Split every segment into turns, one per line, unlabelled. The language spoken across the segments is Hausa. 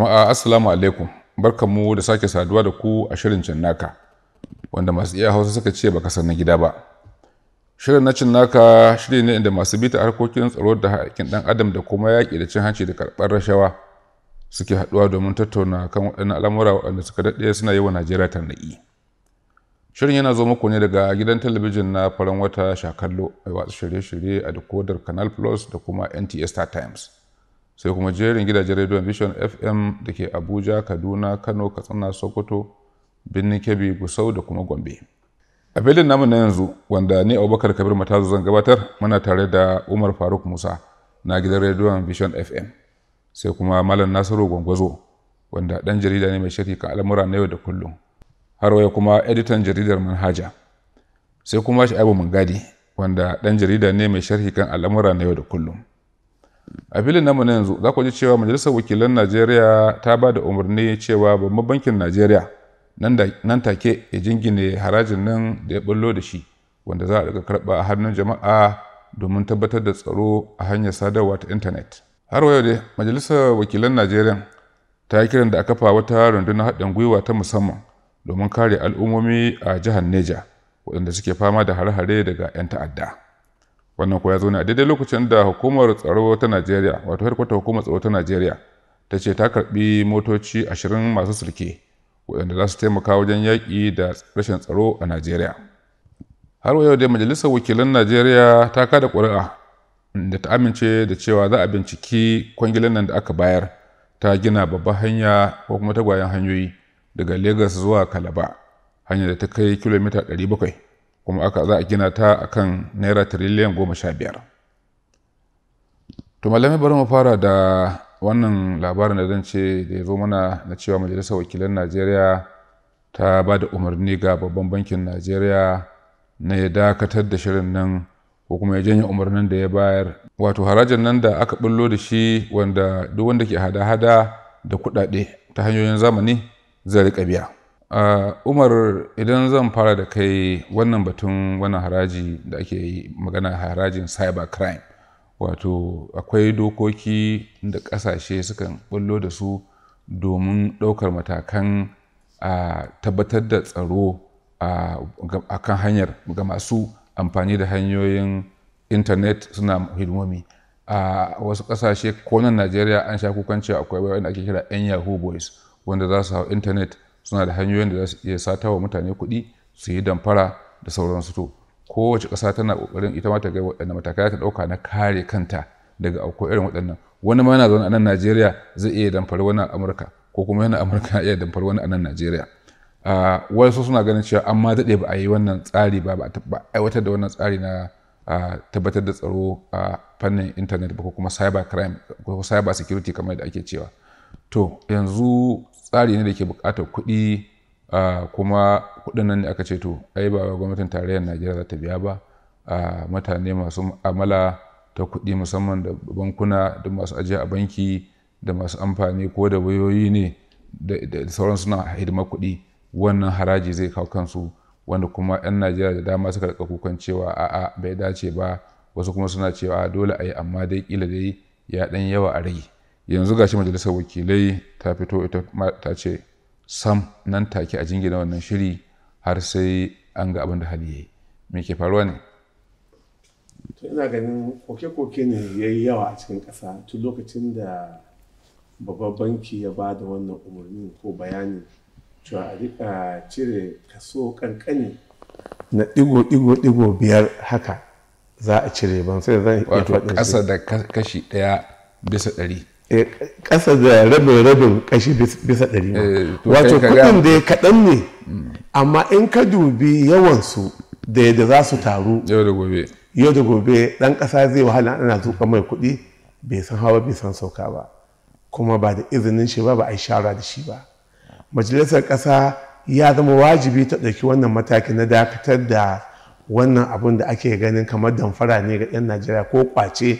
Jama'a Assalamu alaikum, barkanmu da sake saduwa da ku a shirin Cinnaka, wanda masu iya hausa suka ce baka san na gida ba. Shirin na Cinnaka shiri ne inda masu bita harkokin tsaro da haƙƙin ɗan adam da kuma yaƙi da cin hanci da karɓar rashawa suke haɗuwa domin tattauna kan waɗannan al'amura waɗanda suka daɗe suna yi wa Najeriya tarnaƙi. Shirin yana zo muku ne daga gidan talabijin na faran wata Shakallo mai watsa shirye-shirye a dakodar Canal Plus da kuma NTS Star Times. sai kuma jerin gidajen rediyon vision fm da ke abuja kaduna kano katsina sokoto birnin kebbi gusau da kuma gombe a filin namu na yanzu wanda ni abubakar kabir matazu zan gabatar muna tare da umar faruk musa na gidan rediyon vision fm sai kuma malam nasiru gwangwazo wanda dan jarida ne mai shirki kan al'amura na yau da kullum har waya kuma editan jaridar manhaja sai kuma mun gadi wanda dan jarida ne mai sharhi kan al'amura na yau da kullum a filin namu na yanzu za ku ji cewa majalisar wakilan najeriya ta ba da umarni cewa babban bankin najeriya nan take ya jingine harajin nan da ya bullo da shi wanda za a daga karɓa a hannun jama'a domin tabbatar da tsaro a hanyar sadarwa ta intanet har wayo dai majalisar wakilan najeriya ta yi kiran da a kafa wata rundunar haɗin gwiwa ta musamman domin kare al'ummomi a jihar neja waɗanda suke fama da hare-hare daga 'yan ta'adda wannan kuwa ya zo ne a daidai lokacin da hukumar tsaro ta najeriya wato harkwatar hukumar tsaro ta najeriya ta ce ta karbi motoci ashirin masu sulke waɗanda za su taimaka wajen yaƙi da rashin tsaro a najeriya har yau dai majalisar wakilan najeriya ta kada ƙuri'a da ta amince da cewa za a binciki kwangilan nan da aka bayar ta gina babban hanya ko kuma tagwayen hanyoyi daga lagos zuwa kalaba hanyar da ta kai kilomita 700 kuma aka za a gina ta a kan naira tiriliyan goma sha biyar to malamai bari mu fara da wannan labarin da zan ce da ya zo mana na cewa majalisar wakilan najeriya ta ba da umarni ga babban bankin najeriya na ya dakatar da shirin nan ko kuma ya janye umarnin da ya bayar wato harajin nan da aka bullo da shi wanda duk wanda ke hada-hada da kuɗaɗe ta hanyoyin zamani zai riƙa biya Uh, umar idan zan fara da kai wannan batun wannan haraji da ake magana harajin cyber crime wato akwai dokoki da ƙasashe sukan bullo da su domin ɗaukar matakan a tabbatar da tsaro a kan hanyar ga masu amfani da hanyoyin intanet suna hidimomi a wasu ƙasashe ko najeriya an sha kukan cewa akwai wanda ake kira 'yan yahoo boys wanda za su hau intanet suna da hanyoyin da za su iya sata wa mutane kuɗi su yi damfara da sauransu to kowace ƙasa tana ƙoƙarin ita ma ta ga waɗannan matakai ta ɗauka na kare kanta daga auko irin waɗannan wani ma yana zaune a nan najeriya zai iya damfari wani a amurka ko kuma yana amurka iya damfari wani a nan najeriya wasu suna ganin cewa an ma daɗe ba a yi wannan tsari ba ba a aiwatar da wannan tsari na tabbatar da tsaro a fannin intanet ba ko kuma cyber ko cyber security kamar da ake cewa to yanzu tsari ne da ke bukatar kuɗi kuma kuɗin nan da aka ce to ai ba gwamnatin tarayyar najeriya za ta biya ba mutane masu amala ta kuɗi musamman da bankuna da masu ajiya a banki da masu amfani ko da wayoyi ne da sauran suna hidimar kuɗi wannan haraji zai kawo kansu wanda kuma 'yan najeriya da dama suka rika kukan cewa a'a bai dace ba wasu kuma suna cewa dole a yi amma dai kila dai ya ɗan yawa a rage yanzu gashi majalisar wakilai ta fito ita ta ce sam nan take a jingina wannan shiri har sai an ga abin da hali yayi
me ke faruwa ne to ina ganin koke-koke ne ya yi yawa a cikin ƙasa tun lokacin da babban banki ya ba da wannan umarni ko bayani cewa a rika cire kaso kankani na digo-digo-digo biyar haka za a cire ban sai zan iya faɗin ƙasa da kashi ɗaya
bisa ɗari
Eh, ƙasa da rabin rabin kashi bisa ɗari
eh, wato kuɗin da ya
kaɗan ne hmm. amma in ka dubi yawansu da yadda za su taru yau da gobe yau da gobe ɗan ƙasa zai wahala ana zuƙa mai kuɗi bai san hawa bai san sauka ba kuma ba da izinin shi ba ba a yi shara da shi ba majalisar ƙasa ya zama wajibi ta ɗauki wannan mataki na dakatar da wannan abun da ake ganin kamar damfara ne ga 'yan najeriya ko kwace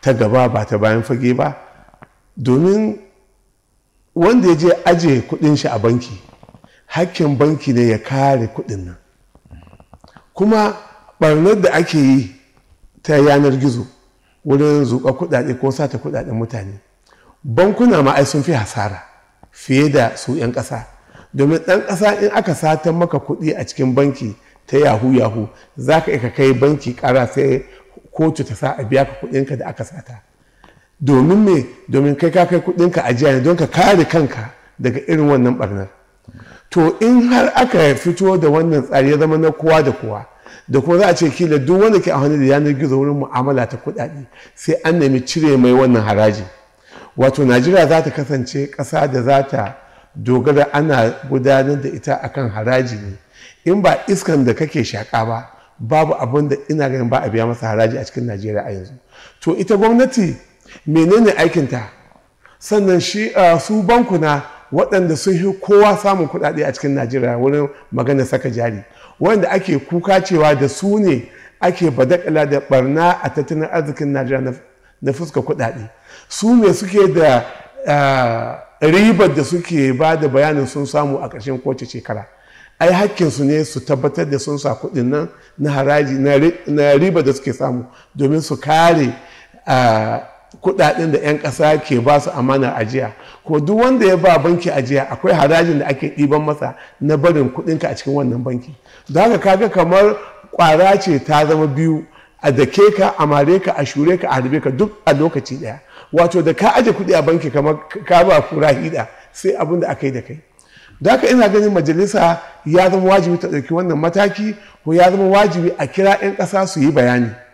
ta gaba ba ta bayan fage ba domin wanda ya je ajiye kudin shi a banki hakkin banki ne ya kare kudin nan kuma barnar da ake yi ta yanar gizo wurin zuƙa kudade ko sata kudaden mutane bankuna ma ai sun fi hasara fiye da su 'yan ƙasa domin ɗan ƙasa in aka sata maka kuɗi a cikin banki ta yahu yahu za ka kai banki ƙara sai kotu ta sa a biya ka kuɗinka da aka sata domin me domin kai ka kai kudinka ajiya ne don ka kare kanka daga irin wannan barnar to in har aka fito da wannan tsari ya zama na kowa da kowa da kuma za a ce kila duk wanda ke amfani da yanar gizo wurin mu'amala ta kuɗaɗe sai an nemi cire mai wannan haraji wato najeriya za ta kasance ƙasa da za ta dogara ana gudanar da ita akan haraji ne in ba iskan da kake shaka ba babu abin da ina ganin ba a biya masa haraji a cikin najeriya a yanzu to ita gwamnati menene aikinta sannan shi su bankuna waɗanda sun yi kowa samun kuɗaɗe a cikin najeriya wurin magana saka jari wanda ake kuka cewa da su ne ake badakala da barna a tattalin arzikin najeriya na fuska kuɗaɗe su ne suke da ribar da suke ba da bayanin sun samu a ƙarshen kowace shekara ai hakkinsu ne su tabbatar da sun sa kuɗin nan na haraji na riba da suke samu domin su kare kudaden da 'yan ƙasa ke ba su amana ajiya ko duk wanda ya ba banki ajiya akwai harajin da ake ɗiban masa na barin kuɗinka a cikin wannan banki da haka kaga kamar ƙwara ce ta zama biyu a dake ka a mare ka a shure ka a harbe ka duk a lokaci ɗaya wato da ka aje kuɗi a banki kamar ka ba kura hida sai abin da aka yi da kai da haka ina ganin majalisa ya zama wajibi ta ɗauki wannan mataki ko ya zama wajibi a kira 'yan ƙasa su yi bayani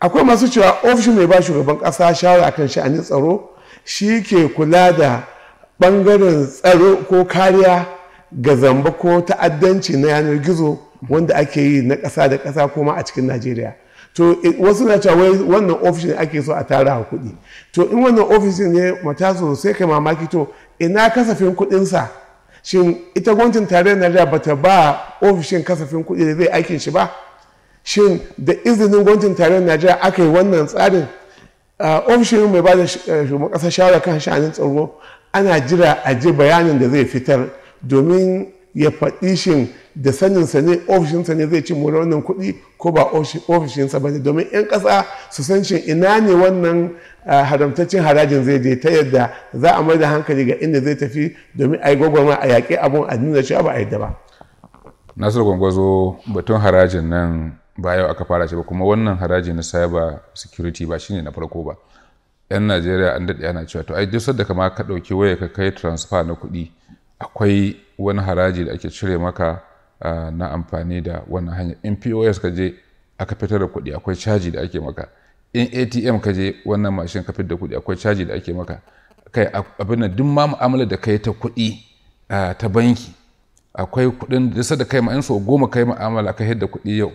akwai masu cewa ofishin mai ba shugaban kasa shawara akan sha'anin tsaro shi ke kula da bangaren tsaro ko kariya ga zamba ko ta'addanci na yanar gizo wanda ake yi na kasa da ƙasa kuma a cikin najeriya to eh, wasu na cewa wannan ofishin ake so a tara a kuɗi to in wannan ofishin ne mataso sai kai mamaki to ina kasafin kuɗinsa shin ita gwamnatin tarayyar najeriya ta ba ofishin kasafin kuɗi da zai aikin shi ba shin da izinin gwamnatin tarayyar najeriya aka yi wannan tsarin uh, ofishin mai ba da eh, shugaban ƙasa shawara kan sha'anin tsaro ana jira a ji bayanin da zai fitar domin ya faɗi shin da saninsa ne ofishinsa ne zai ci mura wannan kuɗi ko ba ofishinsa ba ne domin 'yan ƙasa su san shin ina ne wannan uh, haramtaccen harajin zai je ta yadda za a mai da hankali ga inda zai tafi domin a yi gwagwarma a yaƙi abun a nuna cewa ba a yadda ba.
nasiru gwangwazo batun harajin nan ba yau aka fara shi ba kuma wannan haraji na cyber security ba shine na farko ba yan najeriya an daɗe ana cewa to ai duk sadda kama ka ɗauki waya ka kai transfer na kuɗi akwai wani haraji da ake cire maka na amfani da wannan hanya in pos ka je aka fitar da kuɗi akwai caji da ake maka in atm ka je wannan mashin ka fitar da kuɗi akwai caji da ake maka kai abin nan duk ma mu'amala da kai ta kuɗi ta banki akwai kuɗin da sadda kai ma in so goma kai mu'amala ka hidda kuɗi yau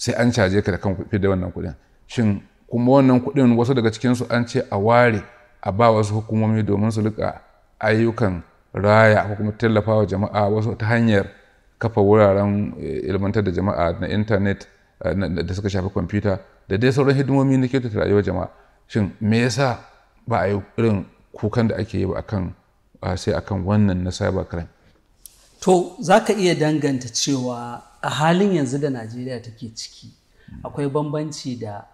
sai an caje ka da kan kuɗi da wannan kuɗin shin kuma wannan kuɗin wasu daga cikinsu an ce a ware a ba wasu hukumomi domin su rika ayyukan raya ko kuma tallafawa wa jama'a wasu ta hanyar kafa wuraren eh, ilmantar da jama'a na intanet eh, da suka shafi kwamfuta da dai sauran hidimomi na kyautata rayuwar jama'a shin me yasa ba a yi irin kukan da ake yi ba akan sai akan wannan na cyber
crime
to za ka iya danganta cewa a halin yanzu da najeriya take ciki akwai bambanci da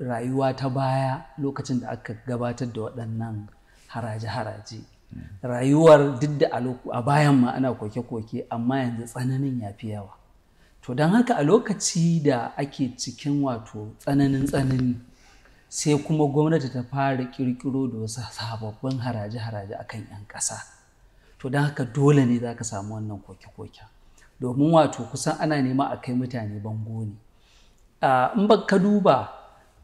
rayuwa ta baya lokacin da aka gabatar da waɗannan haraje-haraje rayuwar duk da a bayan ma ana koke-koke amma yanzu tsananin ya fi yawa to don haka a lokaci da ake cikin wato tsananin tsanani sai kuma gwamnati ta fara kirkiro da wasu sababbin haraje-haraje kan 'yan ƙasa to don haka dole ne za ka samu wannan koke-koken domin wato kusan ana nema a kai mutane bango ne in ba ka duba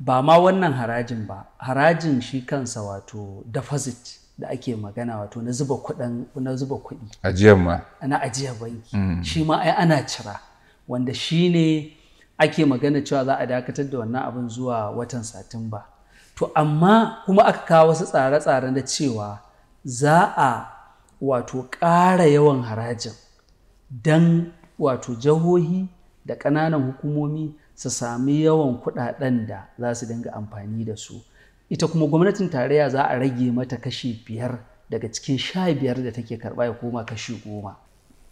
ba ma wannan harajin ba harajin shi kansa wato deposit da ake magana wato na zuba kuɗi ajiyar ma na ajiyar banki mm. shi ma ai ana cira wanda shi ne ake magana cewa za a dakatar da wannan abin zuwa watan satumba to amma kuma aka kawo wasu tsare-tsare na cewa za a wato ƙara yawan harajin don wato jahohi da ƙananan hukumomi su sami yawan kuɗaɗen da za su dinga amfani da su ita kuma gwamnatin tarayya za a rage mata kashi biyar daga cikin sha biyar da take karɓa ya koma kashi goma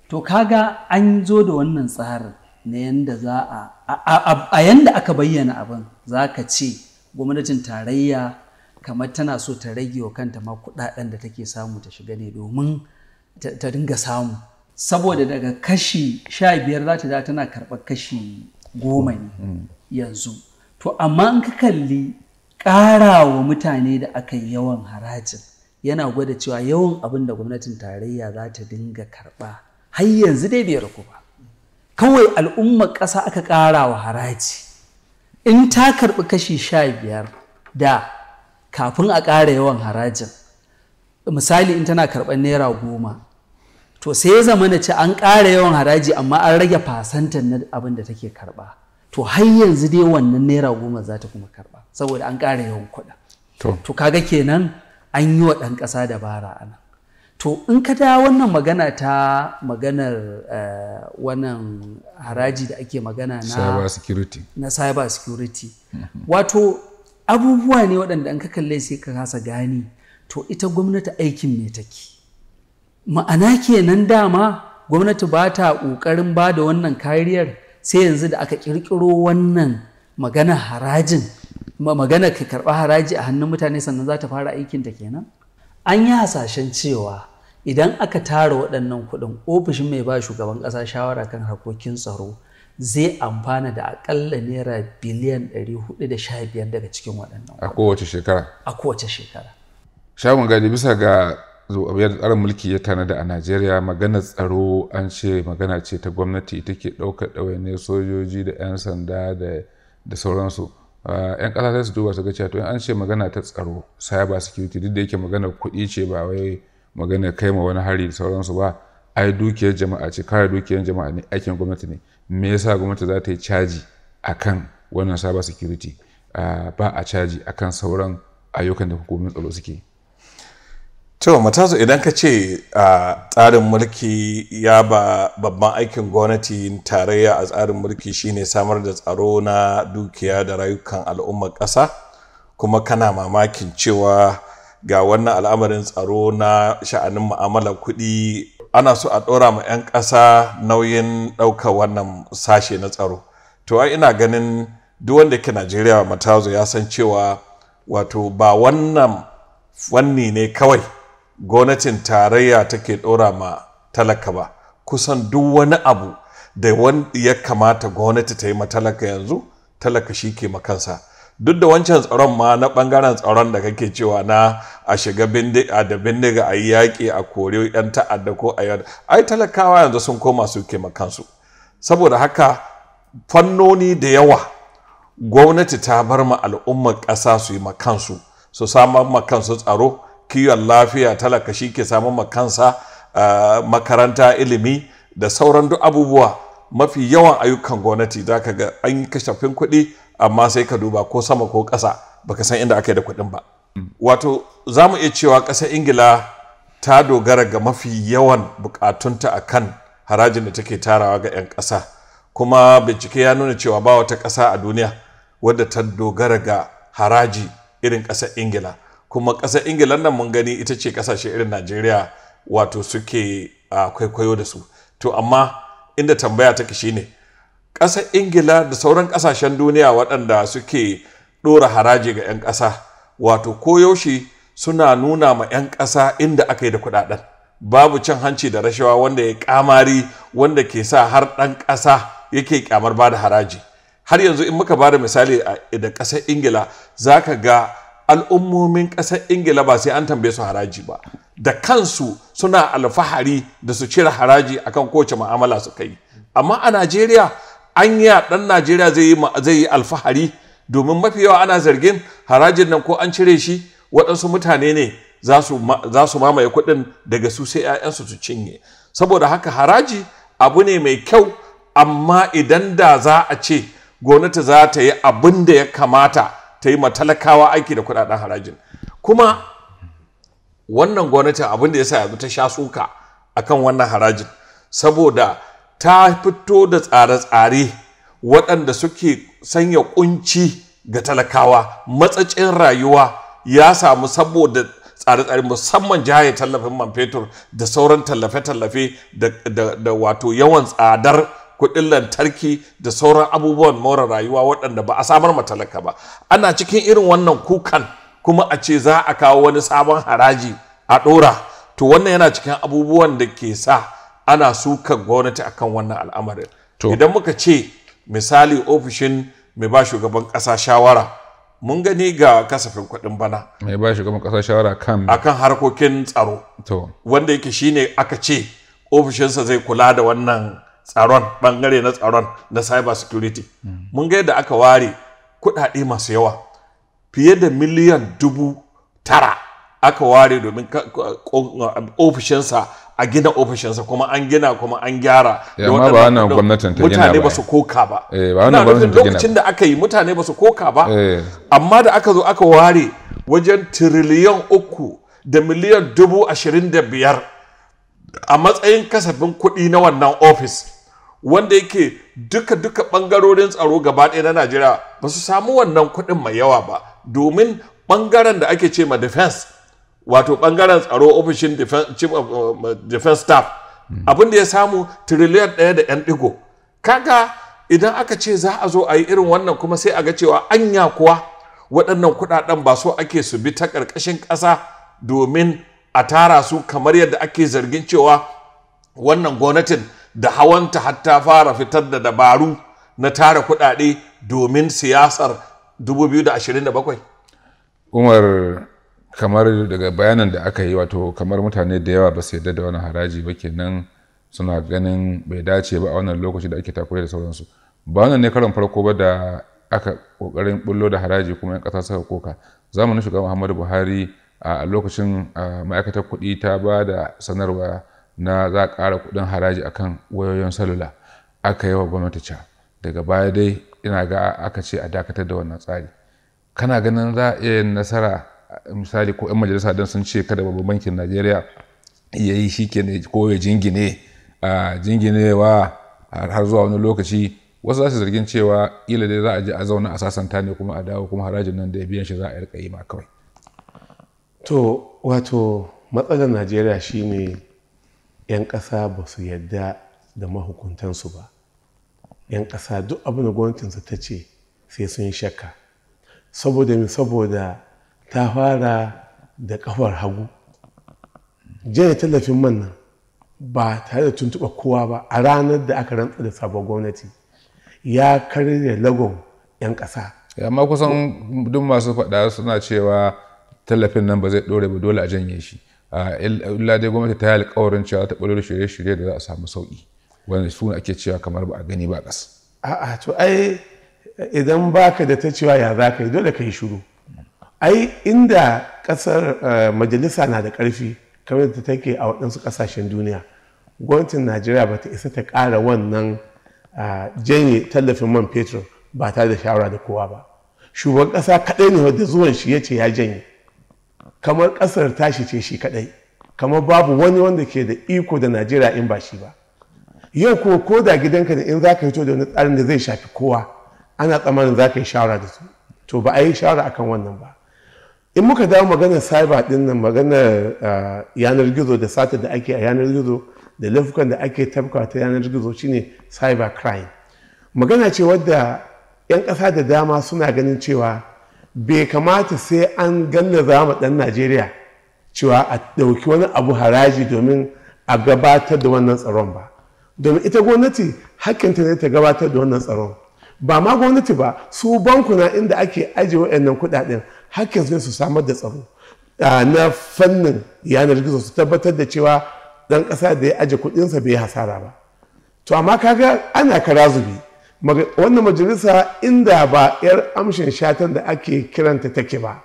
to kaga an zo da wannan tsarin na yanda za a a yanda aka bayyana abin za ka ce gwamnatin tarayya kamar tana so ta rage wa kanta ma kuɗaɗen da take samu ta shiga ne domin ta dinga samu saboda daga kashi sha biyar za ta da tana karɓar kashi goma ne mm. yanzu to amma in ka kalli ƙarawa mutane da aka yi yawan harajin yana gwada cewa yawan abin da gwamnatin tarayya za ta dinga karɓa har yanzu dai bai ragu ba kawai al'ummar ƙasa aka ƙara wa haraji in ta karɓi kashi sha biyar da kafin a ƙara yawan harajin misali in tana karɓar naira goma to sai ya zama na ce an ƙara yawan haraji amma an rage fasantar na abin da take karɓa to har yanzu dai wannan naira goma za ta kuma karba saboda an ƙara yawan kuɗa to kaga kenan an yi wa ɗan ƙasa dabara ana. to in ka da wannan magana ta maganar uh, wannan haraji da ake magana na cyber security, na cyber security. wato abubuwa ne waɗanda an ka kalle sai ka kasa gani to ita gwamnati aikin me take ma'ana kenan dama gwamnati ba ta ƙoƙarin ba da wannan kariyar sai yanzu da aka ƙirƙiro wannan magana harajin magana ka karɓa haraji a hannun mutane sannan za ta fara aikinta kenan an yi hasashen cewa idan aka tara waɗannan kuɗin ofishin mai ba shugaban ƙasa shawara kan harkokin tsaro zai amfana da aƙalla naira biliyan 415 daga cikin waɗannan
a kowace shekara
a kowace shekara
shagun gani bisa ga yadda tsarin mulki ya tanada a najeriya maganar tsaro an ce magana ce ta gwamnati ita ke ɗaukar ɗawainiyar sojoji da 'yan sanda da sauransu 'yan ah, ƙasa sai su duba su ga cewa to an ce magana ta tsaro cyber security duk da yake maganar kuɗi ce ba wai maganar kai ma wani hari da sauransu ba ai dukiyar jama'a ce kare dukiyar jama'a ne aikin gwamnati ne me yasa gwamnati za ta yi caji akan wannan cyber security ah, ba a caji akan sauran ayyukan da
hukumomin tsaro suke To matazo idan ka ce a tsarin mulki ya ba babban aikin gwamnati tarayya a tsarin mulki shine samar da tsaro na dukiya da rayukan al'ummar ƙasa kuma kana mamakin cewa ga wannan al'amarin tsaro na sha'anin mu'amala kuɗi ana so a ɗora ma 'yan ƙasa nauyin ɗaukar wannan sashe na tsaro. To ai ina ganin duk wanda ke Najeriya matazo ya san cewa wato ba wannan fanni ne kawai. gwamnatin tarayya take ɗora ma talaka ba kusan duk wani abu da ya kamata gwamnati ta yi ma talaka yanzu talaka shi ke makansa duk da wancan tsaron ma na bangaren tsaron da kake cewa na a shiga da bindiga a yi yaƙi a kore 'yan ta'adda ko a yadda ai talakawa yanzu sun koma su ke makansu saboda haka fannoni da yawa gwamnati ta bar ma al'ummar ƙasa su yi makansu su samar makansu tsaro kiwon lafiya talaka shi ke samun makansa makaranta ilimi da sauran duk abubuwa mafi yawan ayyukan gwamnati za ka ga an yi kashafin kuɗi amma sai ka duba ko sama ko ƙasa baka san inda aka yi da kuɗin ba wato za mu iya cewa ƙasar ingila ta dogara ga mafi yawan bukatunta a kan harajin da take tarawa ga 'yan ƙasa kuma bincike ya nuna cewa ba wata ƙasa a duniya wadda ta dogara ga haraji irin ƙasar ingila kuma ƙasar ingila nan mun gani ita ce ƙasashe irin najeriya wato suke ah, kwaikwayo da su to amma inda tambaya take ne, ƙasar ingila da sauran ƙasashen duniya waɗanda suke ɗora haraji ga 'yan ƙasa wato koyaushe suna nuna ma 'yan ƙasa inda aka yi da kuɗaɗen babu cin hanci da rashawa wanda ya ƙamari wanda ke sa har ɗan ƙasa yake ƙyamar ba da haraji har yanzu in muka ba da misali da ƙasar ingila za ka ga al'ummomin ƙasar ingila ba sai an tambaye su haraji ba da kansu suna alfahari da su cire haraji akan kowace ma'amala su kai amma a najeriya an yi ɗan najeriya zai yi alfahari domin mafi yawa ana zargin harajin nan ko an cire shi waɗansu mutane ne za su mamaye kuɗin daga su sai 'ya'yansu su cinye saboda haka haraji abu ne mai kyau amma idan da za a ce gwamnati za ta yi abin da ya kamata ta yi ma talakawa aiki da kudaden harajin kuma wannan gwamnatin abin da ya sa yanzu ta sha suka akan wannan harajin saboda ta fito da tsare-tsare waɗanda suke sanya kunci ga talakawa matsacin rayuwa ya samu saboda tsare-tsare musamman jihar tallafin man fetur da sauran tallafe-tallafe da wato yawan tsadar kuɗin lantarki da sauran abubuwan more rayuwa waɗanda ba a samar ma talaka ba ana cikin irin wannan kukan kuma a ce za a kawo wani sabon haraji a ɗora to wannan yana cikin abubuwan da ke sa ana sukan gwamnati akan wannan al'amarin idan muka ce misali ofishin mai ba shugaban ƙasa shawara mun gani ga kasafin kuɗin bana
mai ba shugaban ƙasa shawara kan
akan harkokin tsaro wanda yake shine aka ce ofishinsa zai kula da wannan tsaron bangare na tsaron na cyber security mun ga yadda aka ware kuɗaɗe masu yawa fiye da miliyan dubu tara aka ware domin ofishinsa a gina ofishinsa kuma an gina kuma an gyara eh, da wannan gwamnatin ta mutane ba su koka ba eh ba wannan gwamnatin ta gina lokacin da aka yi mutane ba su koka ba eh. amma da aka zo aka ware wajen tiriliyan uku da miliyan dubu ashirin da biyar a matsayin kasafin kuɗi na wannan ofis wanda yake duka-duka ɓangarorin tsaro gaba ɗaya na najeriya ba su samu wannan kuɗin mai yawa ba domin ɓangaren da ake ce ma defense wato ɓangaren tsaro ofishin uh, uh, defense staff abin da ya samu tiriliyan ɗaya da yan ɗigo kaga idan aka ce za a zo a yi irin wannan kuma sai a ga cewa anya kuwa waɗannan kuɗaɗen ba so ake su bi ta ƙarƙashin ƙasa domin a tara su kamar yadda ake zargin cewa wannan gwamnatin da hawanta hatta fara fitar da dabaru na tara kudade domin siyasar 2027
umar kamar daga bayanan da aka yi wato kamar mutane da yawa ba su yarda da wani haraji ba kenan suna ganin bai dace ba a wannan lokaci da ake takure da sauransu ba wannan ne karon farko ba da aka kokarin bullo da haraji kuma yan kasa suka koka zamanin shugaban muhammadu buhari a lokacin ma'aikatar kuɗi ta ba da sanarwa na za a ƙara kuɗin haraji a kan wayoyin salula aka yi wa gwamnati ca daga baya dai ina ga aka ce a dakatar da wannan tsari kana ganin za a iya yin nasara misali ko 'yan majalisa don sun ce kada babban bankin najeriya ya yi shi ko ya jingine a jinginewa har zuwa wani lokaci wasu za su zargin cewa ila dai za a je a zauna a sasanta ne kuma a dawo kuma harajin nan da ya biyan shi za a rika yi ma kawai
to wato matsalar najeriya shine 'yan ƙasa ba su yadda da mahukuntansu ba 'yan ƙasa duk abin da gwamnatinsu ta ce sai sun yi shakka saboda mi saboda ta fara da kafar hagu jaya tallafin man nan ba tare da tuntuɓa kowa ba a ranar da aka rantsa da sabon gwamnati ya karya lagon 'yan ƙasa amma kusan
duk masu faɗa suna cewa tallafin nan ba zai ɗore ba dole a janye shi illa dai gwamnati ta yi alkawarin cewa ta ɓullo shirye-shirye da za a samu sauƙi wanda su ake cewa kamar ba a gani ba ƙasa.
a'a to ai idan baka da ta cewa ya za ka yi dole ka yi shiru ai inda ƙasar eh, majalisa na da ƙarfi kamar da ta take a waɗansu ƙasashen duniya gwamnatin najeriya ba ta isa ta ƙara wannan eh, janye tallafin man fetur ba tare da shawara da kowa ba shugaban ƙasa kaɗai ne wadda zuwan shi ya ce ya janye kamar ƙasar tashi ce shi kaɗai kamar babu wani wanda ke da iko da najeriya in ba shi ba yau ko ko da gidanka da in za ka fito da wani tsarin da zai shafi kowa ana tsammanin za ka yi shawara da su to ba a yi shawara akan wannan ba in muka dawo maganar cyber din nan maganar ah, yanar gizo da sata da ake a yanar gizo da laifukan da ake tafka ta yanar gizo shine cyber crime magana ce wadda 'yan ƙasa da dama suna ganin cewa bai kamata sai an ganna za mu ɗan najeriya cewa a ɗauki wani abu haraji domin a gabatar da wannan tsaron ba domin ita gwamnati hakkinta ne ta gabatar da wannan tsaron ba ma gwamnati ba su bankuna inda ake ajiye waɗannan kuɗaɗen hakkin ne su samar da tsaro na fannin yanar gizo su tabbatar da cewa ɗan ƙasa da ya aje kuɗinsa bai hasara ba to amma kaga ana kara zubi wannan majalisa inda ba 'yar amshin shatan da ake kiranta take ba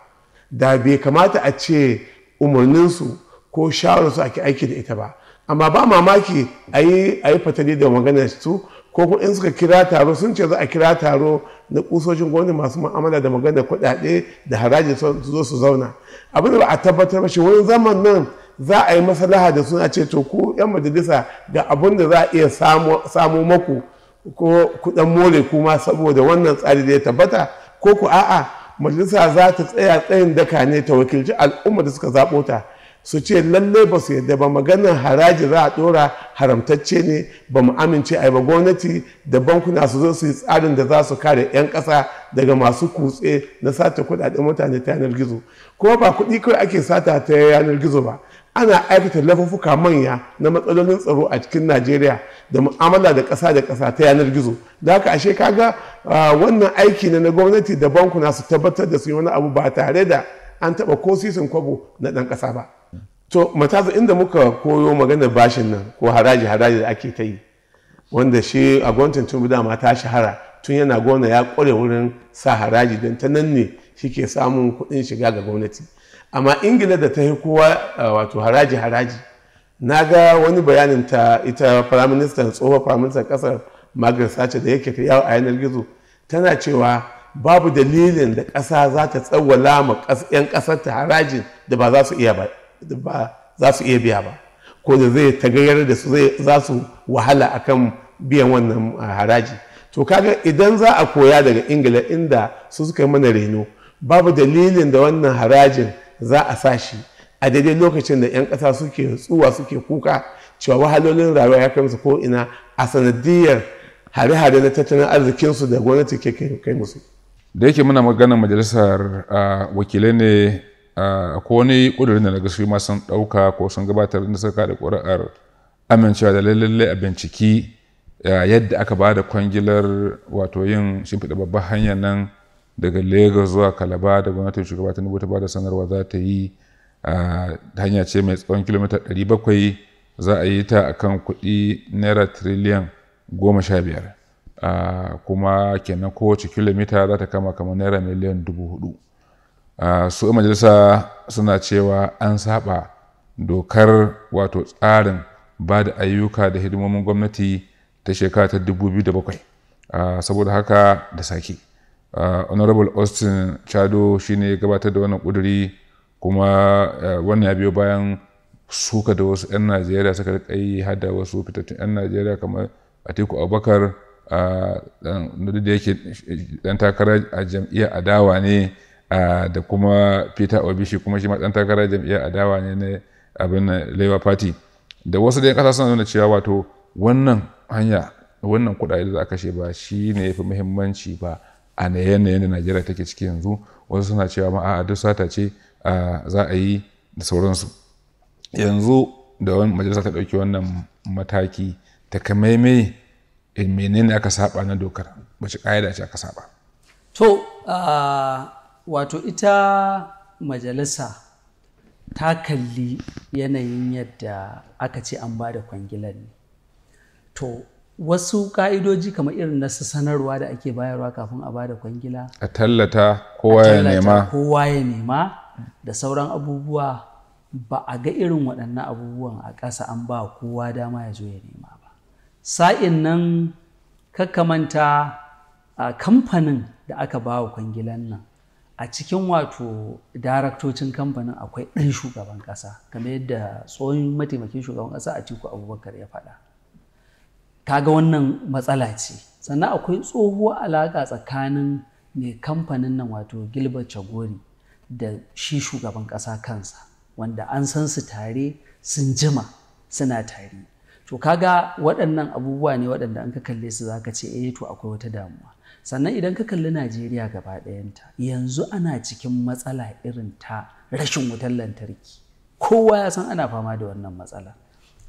da bai kamata a ce umarninsu ko shawararsu ake aiki da ita ba amma ba mamaki a yi fatali da maganar su ko kuma in suka kira taro sun ce za a kira taro na kusoshin gwamnati masu ma'amala da magana kuɗaɗe da haraji su zo su zauna abin da ba a tabbatar ba shi wani zaman nan za a yi masalaha da suna ce to ku 'yan majalisa ga abin da za a iya samu maku ko kudan more kuma saboda wannan tsari da ya tabbata ko ku a'a majalisa za ta tsaya tsayin daka ne ta wakilci al'umma da suka zaɓo ta su ce lalle ba su yadda ba maganar haraji za a ɗora haramtacce ne ba mu amince a yi ba gwamnati da bankuna su zo su yi tsarin da za su kare 'yan ƙasa daga masu kutse na sata kudaden mutane ta yanar gizo kuma ba kuɗi kawai ake sata ta yanar gizo ba ana aikata laifuka manya na matsalolin tsaro a cikin najeriya da mu'amala da ƙasa da ƙasa ta yanar gizo da haka ashe kaga wannan aiki na gwamnati da bankuna su tabbatar da su yi wani abu ba tare da an taɓa ko sisin kwabo na ɗan ƙasa ba to matasa inda muka koyo maganar bashin nan ko haraji haraji da ake ta yi wanda shi a gwamnatin tun dama ta shahara tun yana gona ya kware wurin sa haraji don ta nan ne shi ke samun kuɗin shiga ga gwamnati amma ingila da ta yi kowa wato haraji haraji na ga wani bayanin ta ita firaministan tsohon firaministan kasar margaret sace da yake ta yawo a yanar gizo tana cewa babu dalilin da ƙasa za ta tsawwala ma 'yan ƙasar ta harajin da ba za su iya biya ba ko da zai tagayyar da su za su wahala akan biyan wannan haraji to kaga idan za a koya daga ingila inda su suka yi mana reno babu dalilin da wannan harajin za a sa shi a daidai lokacin da 'yan ƙasa suke tsuwa suke kuka cewa wahalolin rayuwa ya kai musu ko ina a sanadiyar hare-hare na tattalin arzikinsu da gwamnati ke kai musu
da yake muna maganar majalisar wakilai ne ko wani ƙudurin da na shi ma sun ɗauka ko sun gabatar da saka da ƙuri'ar amincewa da lallai a binciki yadda aka ba da kwangilar wato yin shimfiɗa babban hanyar nan daga lagos zuwa kalaba da gwamnatin shugaba ta nubu ta da sanarwa za ta yi hanya ce mai tsawon kilomita 700 za a yi ta akan kuɗi naira tiriliyan 15 kuma kenan kowace kilomita za ta kama kamar naira miliyan 4,000 su majalisa suna cewa an saba dokar wato tsarin ba da ayyuka da hidimomin gwamnati ta shekara ta 2007 saboda haka da sake. Uh, honorable austin chado shine gabatar da wannan kuduri kuma uh, wannan ya biyo bayan suka da wasu 'yan najeriya suka rika yi hada wasu fitattun 'yan najeriya kamar atiku abubakar uh, da yake dan takarar a jam'iyyar adawa ne da kuma peter obishi kuma shi ma dan takarar jam'iyyar adawa ne na abin labour party da wasu da kasa suna nuna cewa wato wannan hanya wannan kudade da aka kashe ba shi ne ya fi muhimmanci ba a na yanayin da najeriya take ciki yanzu wasu suna cewa ma a duk sata ce za a yi da sauransu yanzu da wani majalisa ta ɗauki wannan mataki ta kamaimai eh, menene aka saba na dokar wace ƙa'ida ce aka saba
to wato ita majalisa ta kalli yanayin yadda aka ce an ba da kwangilar ne to wasu ka'idoji kamar irin na sanarwa da ake bayarwa kafin a bada kwangila
a tallata kowa ya nema
kowa ya nema da sauran abubuwa ba a ga irin waɗannan abubuwan a ƙasa an ba kowa dama ya zo ya nema ba sa'in nan kakamanta a kamfanin da aka ba wa kwangilan nan a cikin wato daraktocin kamfanin akwai ɗan shugaban ƙasa kamar yadda tsohon mataimakin shugaban ƙasa a tiku abubakar ya faɗa kaga wannan matsala ce sannan akwai tsohuwa alaƙa tsakanin mai kamfanin nan wato gilbert chagori da shi shugaban ƙasa kansa wanda an san su tare sun jima suna tare to kaga waɗannan abubuwa ne waɗanda an ka kalle su za ka ce eh to akwai wata damuwa sannan idan ka kalli najeriya gaba ɗayanta yanzu ana cikin matsala irin ta rashin wutar lantarki kowa ya san ana fama da wannan matsala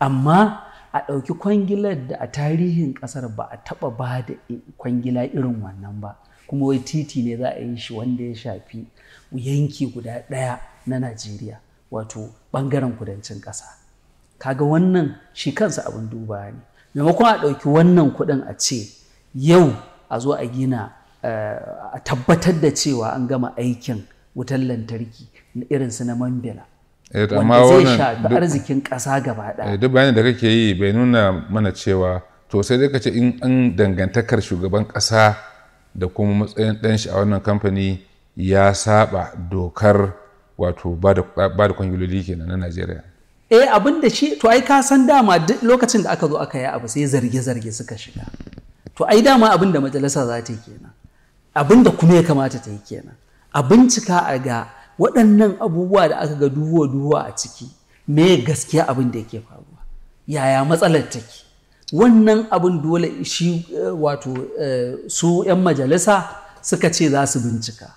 amma a ɗauki kwangilar da a tarihin ƙasar ba a taɓa ba da kwangila irin wannan ba kuma wai titi ne za a yi shi wanda ya shafi yanki guda ɗaya na najeriya wato ɓangaren kudancin ƙasa kaga wannan shi kansa abin duba ne maimakon a ɗauki wannan kuɗin a ce yau a zo a gina eh, a tabbatar da cewa an gama aikin wutar lantarki irinsu na mambila Eh, wanda zai shafi arzikin ƙasa gaba ɗaya eh,
duk bayanin da kake yi bai nuna mana cewa to sai dai kace in an dangantakar shugaban ƙasa da kuma matsayin ɗan shi a wannan kamfani ya saba dokar wato ba da kwangiloli kenan na Najeriya
eh abin da shi to ai ka san dama duk lokacin da aka zo aka yi abu sai zarge-zarge suka shiga to ai dama abin da majalisa za ta yi kenan abin da kuma ya kamata ta yi kenan a bincika a ga waɗannan abubuwa da aka ga duwa duwa a ciki me gaskiya abin da yake faruwa yaya matsalar take wannan abin dole shi eh, wato eh, su 'yan majalisa suka ce za su bincika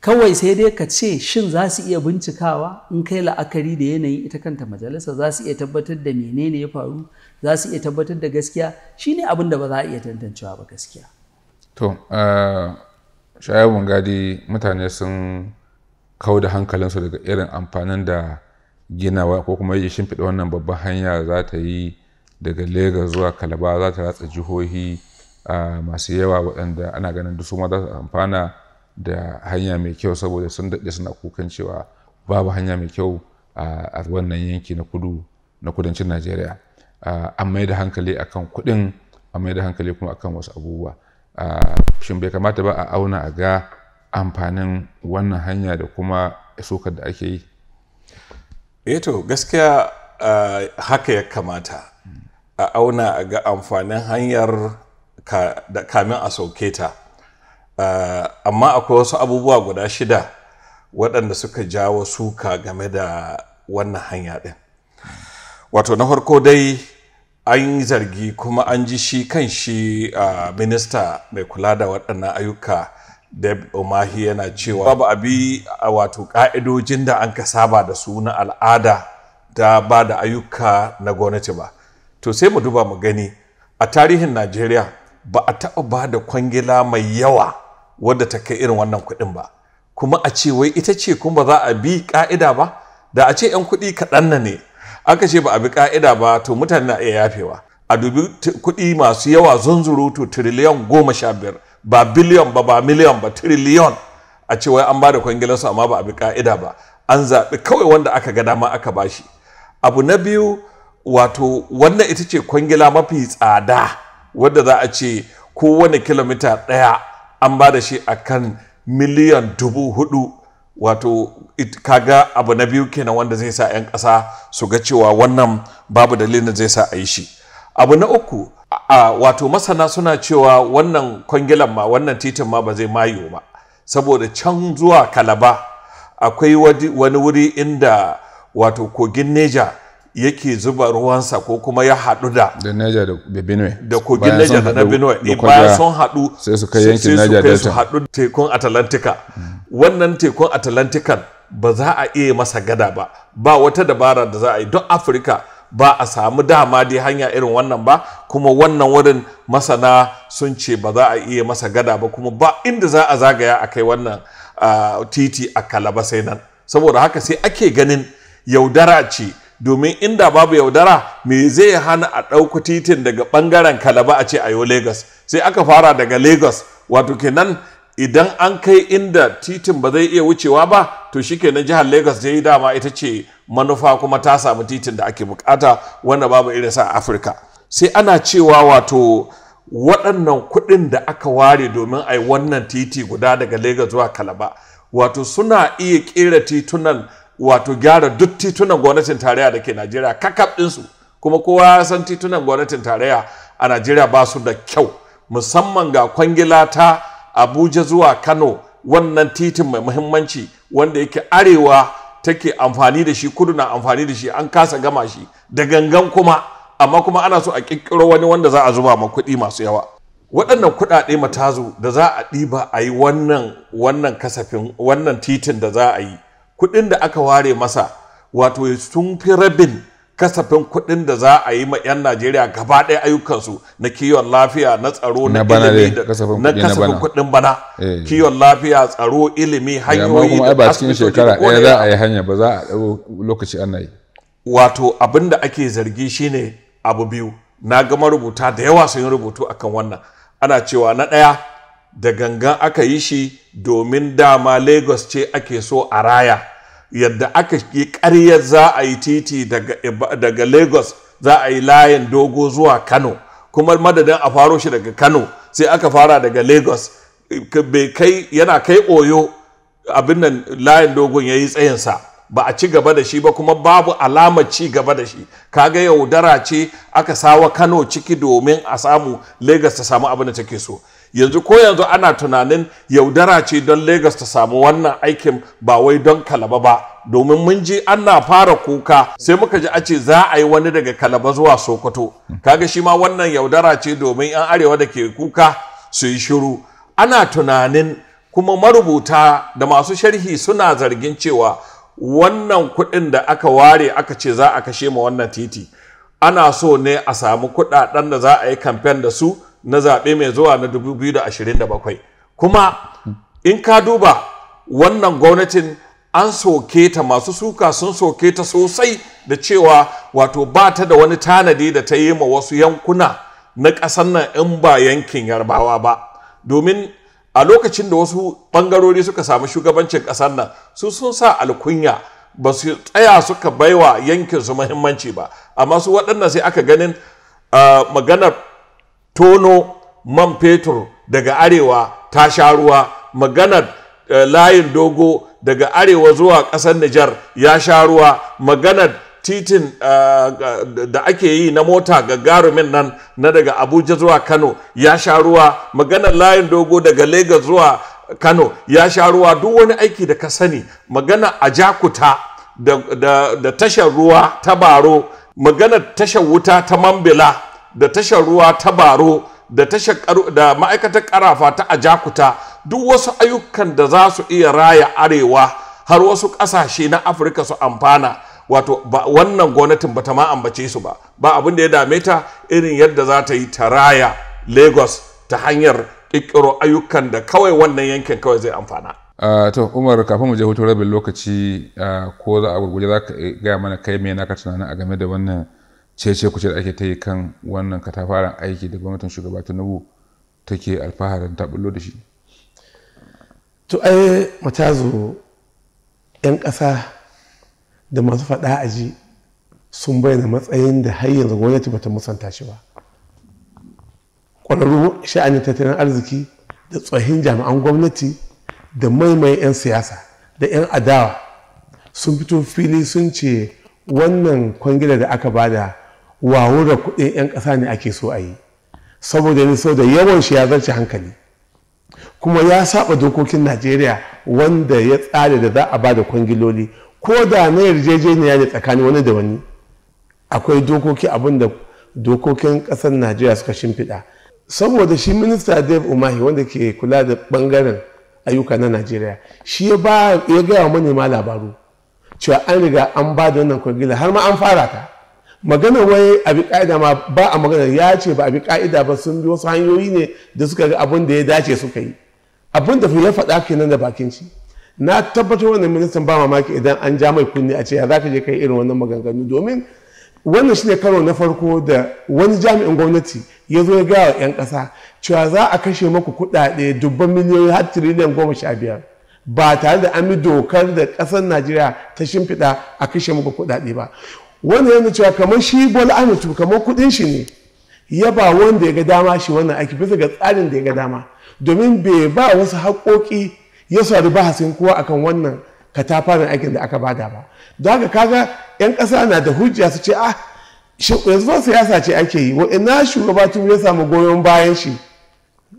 kawai sai dai ka ce shin za su iya bincikawa in kai la'akari da yanayin ita kanta majalisa za su iya tabbatar da menene ya faru za su iya tabbatar da gaskiya shi ne abin da ba za a iya tantancewa ba gaskiya
to eh, shayabun gadi mutane sun kau da hankalinsu daga irin amfanin da ginawa ko kuma ya shimfiɗa wannan babban hanya za ta yi daga Legas zuwa Kalaba za ta ratsa jihohi masu yawa waɗanda ana ganin su ma za su amfana da hanya mai kyau saboda sun daɗe suna kukan cewa babu hanya mai kyau a wannan yanki na kudu na kudancin Najeriya. An mai da hankali akan kuɗin, an mai da hankali kuma akan wasu abubuwa. Shin bai kamata ba a auna a ga amfanin wannan hanya da kuma sukar da ake yi
eto eh gaskiya uh, haka ya kamata a auna a ga amfanin hanyar ka, kamin a sauke ta eh, amma akwai wasu abubuwa guda shida waɗanda suka jawo suka game da wannan hanya ɗin wato na farko dai an yi zargi kuma an ji shi kan shi minista mai kula da waɗannan ayyuka Deb Umahi yana cewa babu abi a wato ka'idojin da an ka saba da su na al'ada da ba da ayyuka na gwamnati ba. To sai mu duba mu gani a tarihin Najeriya ba a taɓa ba da kwangila mai yawa wadda ta kai irin wannan kuɗin ba. Kuma a ce wai ita ce kuma ba za a bi ka'ida ba da a ce 'yan kuɗi kaɗan na ne aka ce ba a bi ƙa'ida ba to mutane na iya yafewa. A dubi kuɗi masu yawa to tiriliyan goma sha biyar ba biliyon ba ba miliyon ba tiriliyon a ce wai an ba da kwangilansu amma ba a bi ka'ida ba an zaɓi kawai wanda aka ga dama aka ba shi. abu na biyu wato wannan ita ce kwangila mafi tsada wadda za a ce kowane kilomita ɗaya an ba da shi a kan miliyan dubu hudu wato kaga abu na biyu kenan wanda zai sa 'yan ƙasa su ga cewa wannan babu dalilin zai sa a yi shi abu na uku wato masana suna cewa wannan kwangilan ma wannan titin ma ba zai mayo ba saboda can zuwa kalaba akwai wani wuri inda wato kogin neja yake zuba ruwansa ko kuma ya haɗu da da
neja da benue
da kogin neja da na benue eh, bayan sun haɗu sai su kai yankin neja da su haɗu tekun atlantika wannan tekun atlantikan ba za a iya masa gada ba ba wata dabara da za a yi don afirka ba a samu dama dai hanya irin wannan ba kuma wannan wurin masana sun ce ba za a iya masa gada ba kuma ba inda za a zagaya a kai wannan titi a kalaba sai nan saboda haka sai ake ganin yaudara ce domin inda babu yaudara me zai hana a ɗauku titin daga ɓangaren kalaba a ce a yau lagos sai aka fara daga lagos wato kenan idan an kai inda titin ba zai iya wucewa ba to shi kenan jihar lagos yi dama ita ce manufa kuma ta samu titin da ake bukata wanda babu irin sa afirka sai ana cewa wato waɗannan kuɗin da aka ware domin a yi wannan titi guda daga lagos zuwa kalaba wato suna iya ƙera titunan wato gyara duk titunan gwamnatin tarayya da ke najeriya kakaf ɗinsu kuma kowa ya san titunan gwamnatin tarayya a najeriya ba su da kyau musamman ga kwangila ta abuja zuwa kano wannan titin mai muhimmanci wanda yake arewa take amfani da shi kudu na amfani da shi an kasa gama shi da gangan kuma amma kuma ana so a ƙirƙiro wani wanda za a zuba ma kuɗi masu yawa waɗannan kuɗaɗe matazu da za a ɗiba a yi wannan wannan kasafin wannan titin da za a yi kuɗin da aka ware masa wato sun fi rabin kasafin kuɗin da za a yi ma 'yan Najeriya gaba ɗaya ayyukansu na kiwon lafiya na tsaro na ilimi na kasafin kuɗin bana eh. kiwon lafiya tsaro ilimi hanyoyi da ba shekara ɗaya za a
yi hanya ba za a ɗau lokaci ana yi
wato abin da ake zargi shine abu biyu na gama rubuta da yawa sun yi rubutu akan wannan ana cewa na ɗaya da gangan aka yi shi domin dama Lagos ce ake so a raya yadda aka yi ƙaryar za a yi titi daga lagos za a yi layin dogo zuwa kano kuma madadin a faro shi daga kano sai aka fara daga lagos yana kai oyo abin nan layin dogon ya yi tsayinsa ba a ci gaba da shi ba kuma babu alamar ci gaba da shi kaga yaudara ce aka sawa kano ciki domin a samu lagos ta samu abin da take so yanzu ko yanzu ana tunanin yaudara ce don Legas ta samu wannan aikin ba wai don kalaba ba domin mun ji ana fara kuka sai muka ji a ce za a yi wani daga kalaba zuwa sokoto kaga shi ma wannan yaudara ce domin yan arewa da ke kuka su yi shiru ana tunanin kuma marubuta da masu sharhi suna zargin cewa wannan kuɗin da aka ware aka ce za a kashe ma wannan titi ana so ne a samu kuɗaɗen da za a yi kamfen da su na zaɓe mai zuwa na 2027 kuma in ka duba wannan gwamnatin an soke ta masu suka sun soke ta sosai da cewa wato ba ta da wani tanadi da ta yi ma wasu yankuna na ƙasar nan in ba yankin yarbawa ba domin a lokacin da wasu ɓangarori suka samu shugabancin ƙasar nan su sun sa alkunya ba su tsaya suka baiwa yankin su muhimmanci ba amma su waɗannan sai aka ganin ah, maganar tono man fetur daga arewa ta sha ruwa maganar eh, layin dogo daga arewa zuwa ƙasar Nijar ya sha ruwa maganar titin eh, da ake yi na mota gagarumin nan na daga Abuja zuwa Kano ya sha ruwa maganar layin dogo daga Legas zuwa Kano ya sha ruwa duk wani aiki da ka sani magana a jakuta da, tashar ruwa ta baro maganar tashar wuta ta mambila da tashar ruwa ta baro da tashar da ma'aikatar karafa ta ajakuta duk wasu ayyukan da za su iya raya arewa har wasu kasashe na afirka su amfana wato ba wannan gwamnatin ba ta ma ambace su ba ba abin da ya dame ta irin yadda za ta yi ta raya lagos ta hanyar ƙirƙiro ayyukan da kawai wannan yankin kawai zai amfana
Uh, to umar kafin mu je hutun rabin lokaci uh, ko za a gurguje za ka eh, gaya mana kai me naka tunanin a game da wannan cece kuce da ake ta yi kan wannan katafaren aiki da gwamnatin shugaba tinubu take alfaharin ta da shi
to ai matazo 'yan ƙasa da masu faɗa a ji sun bayyana matsayin da har yanzu gwamnati bata musanta shi ba ƙwararru sha'anin tattalin arziki da tsohin jami'an gwamnati da maimai 'yan siyasa da 'yan adawa sun fito fili sun ce wannan kwangila da aka bada wawura kuɗin 'yan ƙasa ne ake so a yi saboda ne da yawan shi ya zarce hankali kuma ya saba dokokin najeriya wanda ya tsare da za a ba da kwangiloli ko da na yarjejeniya ne tsakanin wani da wani akwai dokoki abinda dokokin ƙasar najeriya suka shimfiɗa saboda shi minista dave umahi wanda ke kula da ɓangaren ayyuka na najeriya shi ya gaya wa manema labaru cewa an riga an ba da wannan kwangila har ma an fara ta magana wai bi ka'ida ma ba a magana ya ce ba a bi ka'ida ba sun bi wasu hanyoyi ne da suka ga abin da ya dace suka yi Abun da ya faɗa kenan da bakin ci. na tabbatar wannan ministan ba mamaki idan an ja mai kunne a ce ya zaka je kai irin wannan maganganu domin wannan shine karo na farko da wani jami'in gwamnati ya zo ya gaya wa 'yan ƙasa cewa za a kashe maku kuɗaɗe dubban miliyoyi har tiriliyan goma sha biyar ba tare da an bi dokar da ƙasar najeriya ta shimfiɗa a kashe maku kuɗaɗe ba wanda yana cewa kamar shi bol anatu kamar kudin shi ne ya ba wanda ya ga dama shi wannan aiki bisa ga tsarin da ya ga dama domin bai ba wasu haƙoƙi ya sadu ba hasin kowa akan wannan katafaren aikin da aka bada ba don haka kaga 'yan ƙasa na da hujja su ce ah yanzu ba siyasa ce ake yi wa'ina shugaba tun ya samu goyon bayan shi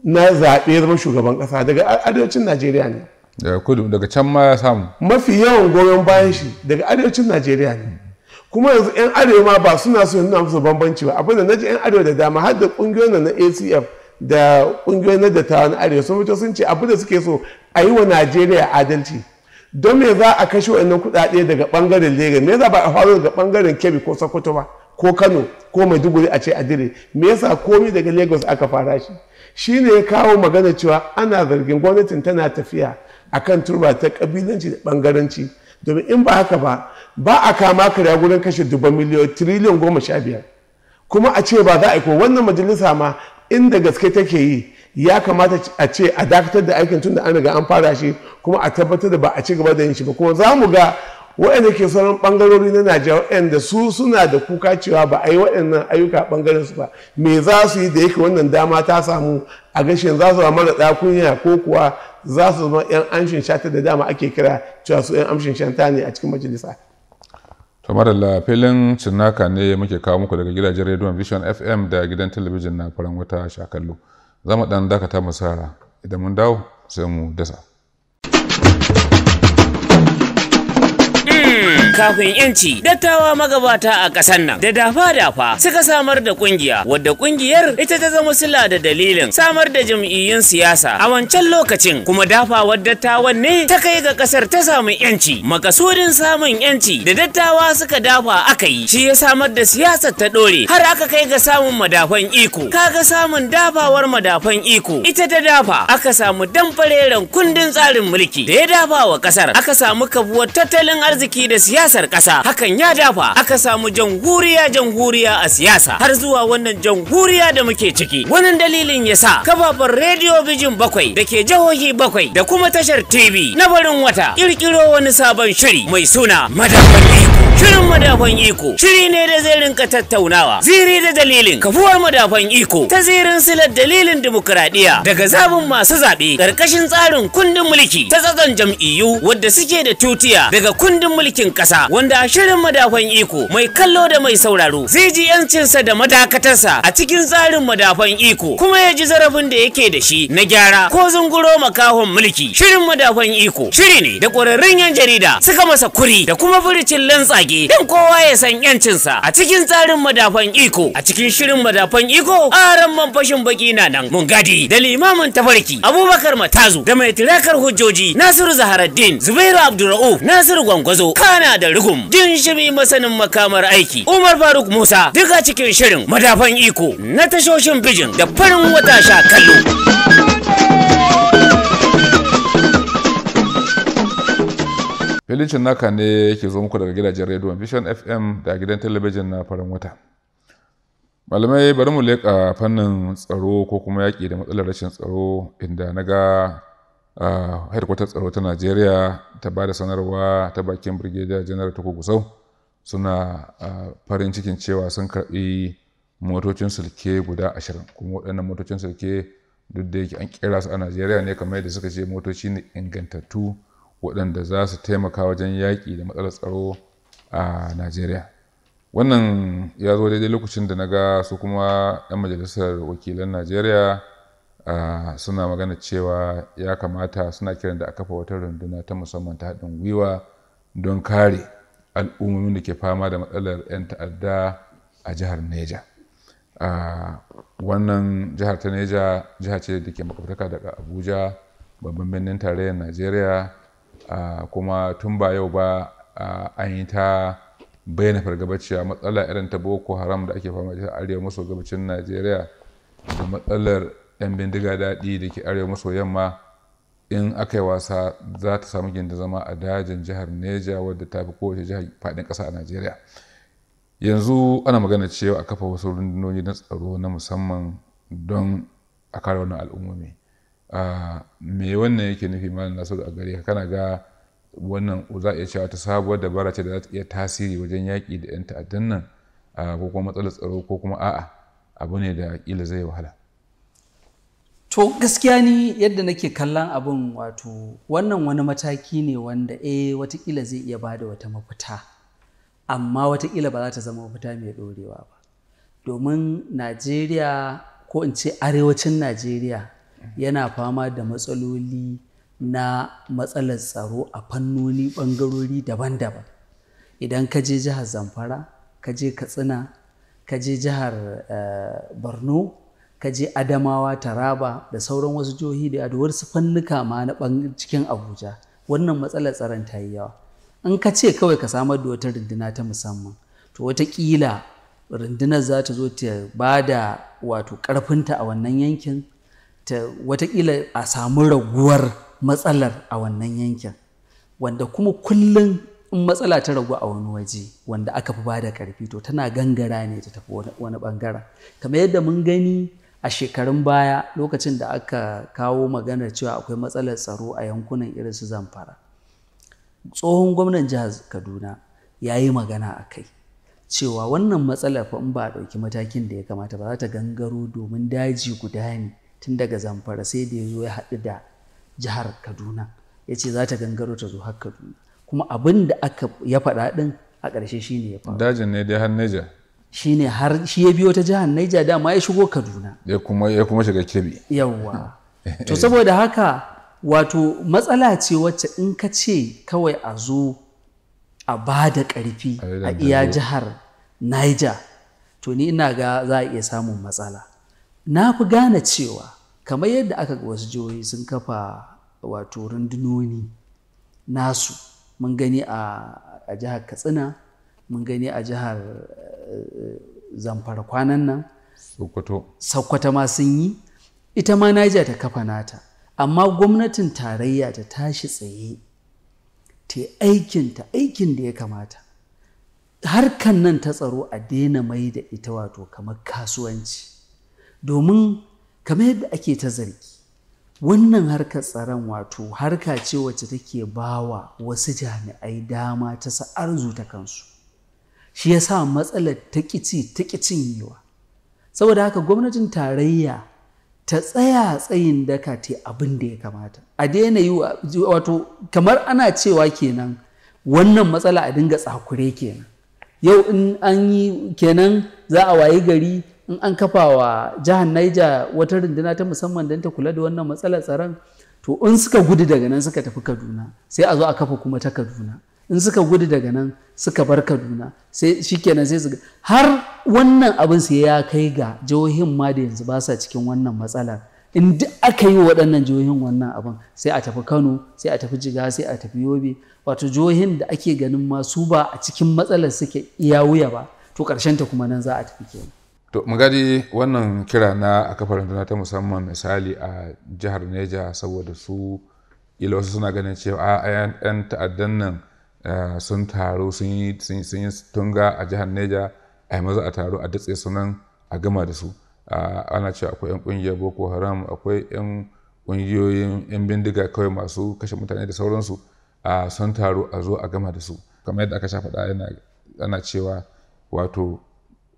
na zaɓe zama shugaban ƙasa daga arewacin najeriya ne
daga kudu daga can ma ya samu
mafi yawan goyon bayan shi daga arewacin najeriya ne kuma yanzu 'yan arewa ma ba suna so nuna musu bambanci ba abinda na ji 'yan arewa da dama har da ƙungiyoyin na acf da ƙungiyoyin na dattawa na arewa sun fito sun ce da suke so a yi wa najeriya adalci don me za a kashe wa'annan kuɗaɗe daga ɓangaren lagos me za ba a faru daga ɓangaren kebbi ko sokoto ba ko kano ko maiduguri a ce adire me yasa komi daga lagos aka fara shi shi ne ya kawo magana cewa ana zargin gwamnatin tana tafiya akan turba ta kabilanci da bangaranci domin in ba haka ba ba a kama karya gurin kashe dubban miliyoyi tiriliyan goma sha biyar kuma a ce ba za a yi ko wannan majalisa ma inda gaske take yi ya kamata a ce a dakatar da aikin tun da an riga an fara shi kuma a tabbatar da ba a ci gaba da yin shi ba kuma za mu ga waɗanda ke sauran ɓangarori na najeriya waɗanda su suna da kuka cewa ba a yi waɗannan ayyuka ɓangaren su ba me za su yi da yake wannan dama ta samu a gashin za su mara ɗakunya ko kuwa za su zama 'yan amshin shata da dama ake kira cewa su 'yan amshin shanta ne a cikin majalisa
kamar da filin cinnaka ne muke kawo muku daga gidajen rediyon vision fm da gidan talabijin na faran wata shakallo za mu dan dakata musara idan mun dawo sai mu dasa
kafin yanci dattawa magabata a ƙasar nan da dafa-dafa suka samar da kungiya wadda kungiyar ita ta zama sila da dalilin samar da jam'iyyun siyasa a wancan lokacin kuma dafawar dattawan ne ta kai ga ƙasar ta samu yanci makasudin samun yanci da dattawa suka dafa aka yi shi ya samar da siyasar ta ɗore har aka kai ga samun madafan iko kaga samun dafawar madafan iko ita ta dafa aka samu damfareren kundin tsarin mulki da ya dafa wa ƙasar aka samu kabuwar tattalin arziki da siyasa siyasar ƙasa hakan ya dafa aka samu jamhuriya jamhuriya a siyasa har zuwa wannan jamhuriya da muke ciki wannan dalilin ya sa kafafen rediyo bijin bakwai da ke jihohi bakwai da kuma tashar tv na barin wata kirkiro wani sabon shiri mai suna madafan iko shirin madafan iko shiri ne da zai rinka tattaunawa ziri da dalilin kafuwar madafan iko ta zirin silar dalilin dimokuraɗiyya daga zabin masu zaɓe ƙarƙashin tsarin kundin mulki ta tsatson jam'iyyu wadda suke da tutiya daga kundin mulkin ƙasa ƙasa wanda shirin madafan iko mai kallo da mai sauraro zai ji yancinsa da madakatarsa a cikin tsarin madafan iko kuma ya ji zarafin da yake da shi na gyara ko zunguro makahon mulki shirin madafan iko shiri ne da ƙwararrun yan jarida suka masa kuri da kuma furicin lantsage Dan kowa ya san yancinsa a cikin tsarin madafan iko a cikin shirin madafan iko aran man fashin baki na nan mun gadi da limamin tafarki abubakar matazu da mai tirakar hujjoji nasiru zaharaddin zubairu abdurra'uf nasiru gwangwazo kana da rigum din shimi masanin makamar aiki umar faruk musa duka cikin shirin madafan iko na tashoshin bijin da farin wata sha kallo
Filicin naka ne yake zo muku daga gidajen rediyon Vision FM da gidan talabijin na farin wata. Malamai bari mu leka fannin tsaro ko kuma yaƙi da matsalar rashin tsaro inda na ga headquarter tsaro ta najeriya ta ba da sanarwa ta bakin brigadier general ta gusau suna farin cikin cewa sun karɓi motocin sulke guda ashirin kuma waɗannan motocin sulke duk da yake an kera su a najeriya ne kamar yadda suka ce motoci ne ingantattu waɗanda za su taimaka wajen yaƙi da matsalar tsaro a najeriya wannan ya zo daidai lokacin da na ga su kuma 'yan majalisar wakilan najeriya suna magana cewa ya kamata suna kiran da a kafa wata runduna ta musamman ta haɗin gwiwa don kare al'ummomin da ke fama da matsalar 'yan ta'adda a jihar neja wannan jihar ta neja jiha ce da ke makwabtaka daga abuja babban birnin tarayyar najeriya kuma tun ba yau ba an yi ta bayyana fargabaciya matsala irin ta boko haram da ake fama da arewa maso gabacin najeriya da matsalar 'yan bindiga daɗi da ke arewa maso yamma in aka yi wasa za ta samu gindin zama a dajin jihar neja wadda ta fi kowace jihar faɗin ƙasa a najeriya yanzu ana magana cewa a kafa wasu rundunoni na tsaro na musamman don a kare wannan al'ummomi me wannan yake nufi malam nasiru a gare kana ga wannan za a iya cewa ta sabuwar dabara ce da za ta iya tasiri wajen yaƙi da 'yan ta'addan nan ko kuma matsalar tsaro ko kuma a'a abu ne da ƙila zai wahala
To gaskiya ni yadda nake kallon abin wato wannan wani mataki ne wanda eh watakila zai iya bada wata mafita amma watakila ba za ta zama mafita mai ɗorewa ba. Domin Najeriya ko in ce arewacin Najeriya yana fama da matsaloli na matsalar tsaro a fannoni ɓangarori daban-daban. Idan ka je jihar Zamfara, ka je Katsina, ka je jihar eh, Borno, ka je adamawa taraba da sauran wasu jihohi da wasu fannuka ma na cikin abuja wannan matsalar tsaron ta yi yawa in ka ce kawai ka samar da wata runduna ta musamman to watakila rundunar za ta zo ta ba da wato ƙarfinta a wannan yankin ta watakila a samu raguwar matsalar a wannan yankin wanda kuma kullum in matsala ta ragu a wani waje wanda aka fi ba da ƙarfi to tana gangara ne ta tafi wani ɓangaren kamar yadda mun gani a shekarun baya lokacin da aka kawo maganar cewa akwai matsalar tsaro a yankunan irin su zamfara tsohon gwamnan jihar kaduna ya yi magana a kai cewa wannan matsalar fa in ba a ɗauki matakin da ya kamata ba za ta gangaro domin daji guda ne tun daga zamfara sai da ya zo ya haɗu da jihar kaduna ya ce za ta gangaro ta zo har kaduna kuma abin da aka ya faɗa ɗin a ƙarshe shine ya faru
dajin ne dai har Niger
Shi ne har shi ya biyo ta jihar Niger dama ya shigo Kaduna
ya kuma ya kuma shiga Kebbi
yawwa to saboda haka wato matsala ce wacce in ka ce kawai a zo a bada karfi ƙarfi a iya jihar Niger to ni ina ga za a iya samun matsala na fi gane cewa kamar yadda aka ga wasu jihohi sun kafa wato rundunoni nasu mun gani a jihar Katsina mun gani a jihar eh, zamfara kwanan nan sokoto ma sun yi ita ma naija ta kafa nata amma gwamnatin tarayya ta tashi tsaye ta ta aikin da ya kamata harkan nan ta tsaro a daina mai da ita wato kamar kasuwanci domin kamar yadda ake ta zargi wannan harkar tsaron wato harka ce wacce take bawa wasu jami'ai dama ta arzu ta kansu shi ya sa matsalar ta kicin yiwa saboda haka gwamnatin tarayya ta tsaya tsayin daka ta abin da ya kamata a daina yi wato kamar ana cewa kenan wannan matsala a dinga tsakure kenan yau in an yi kenan za a wayi gari in an kafa wa jihar naija wata rundunar ta musamman don ta kula da wannan matsalar tsaron to in suka gudu daga nan suka tafi Kaduna sai a zo a kafa kuma ta Kaduna in suka gudu daga nan suka bar kaduna sai shikenan sai su har wannan abin sai ya kai ga jihohin ma da yanzu ba sa cikin wannan matsalar in duk aka yi waɗannan jihohin wannan abin sai a tafi kano sai a tafi jiga sai a tafi yobe wato jihohin da ake ganin ma su ba a cikin matsalar suke iya wuya ba to ƙarshen ta kuma nan za a tafi kenan
to magadi wannan kira na a kafar rundunar ta musamman misali a jihar neja saboda su ila wasu suna ganin cewa a 'yan ta'addan nan Eh, sun taru sun yi tunga a jihar neja a yi maza a taru a datse sunan a gama da su eh, ana cewa akwai 'yan kungiyar boko haram akwai 'yan kungiyoyin 'yan bindiga kawai masu kashe mutane da sauransu eh, sun taru a zo a gama da su kamar yadda aka sha faɗa ana cewa wato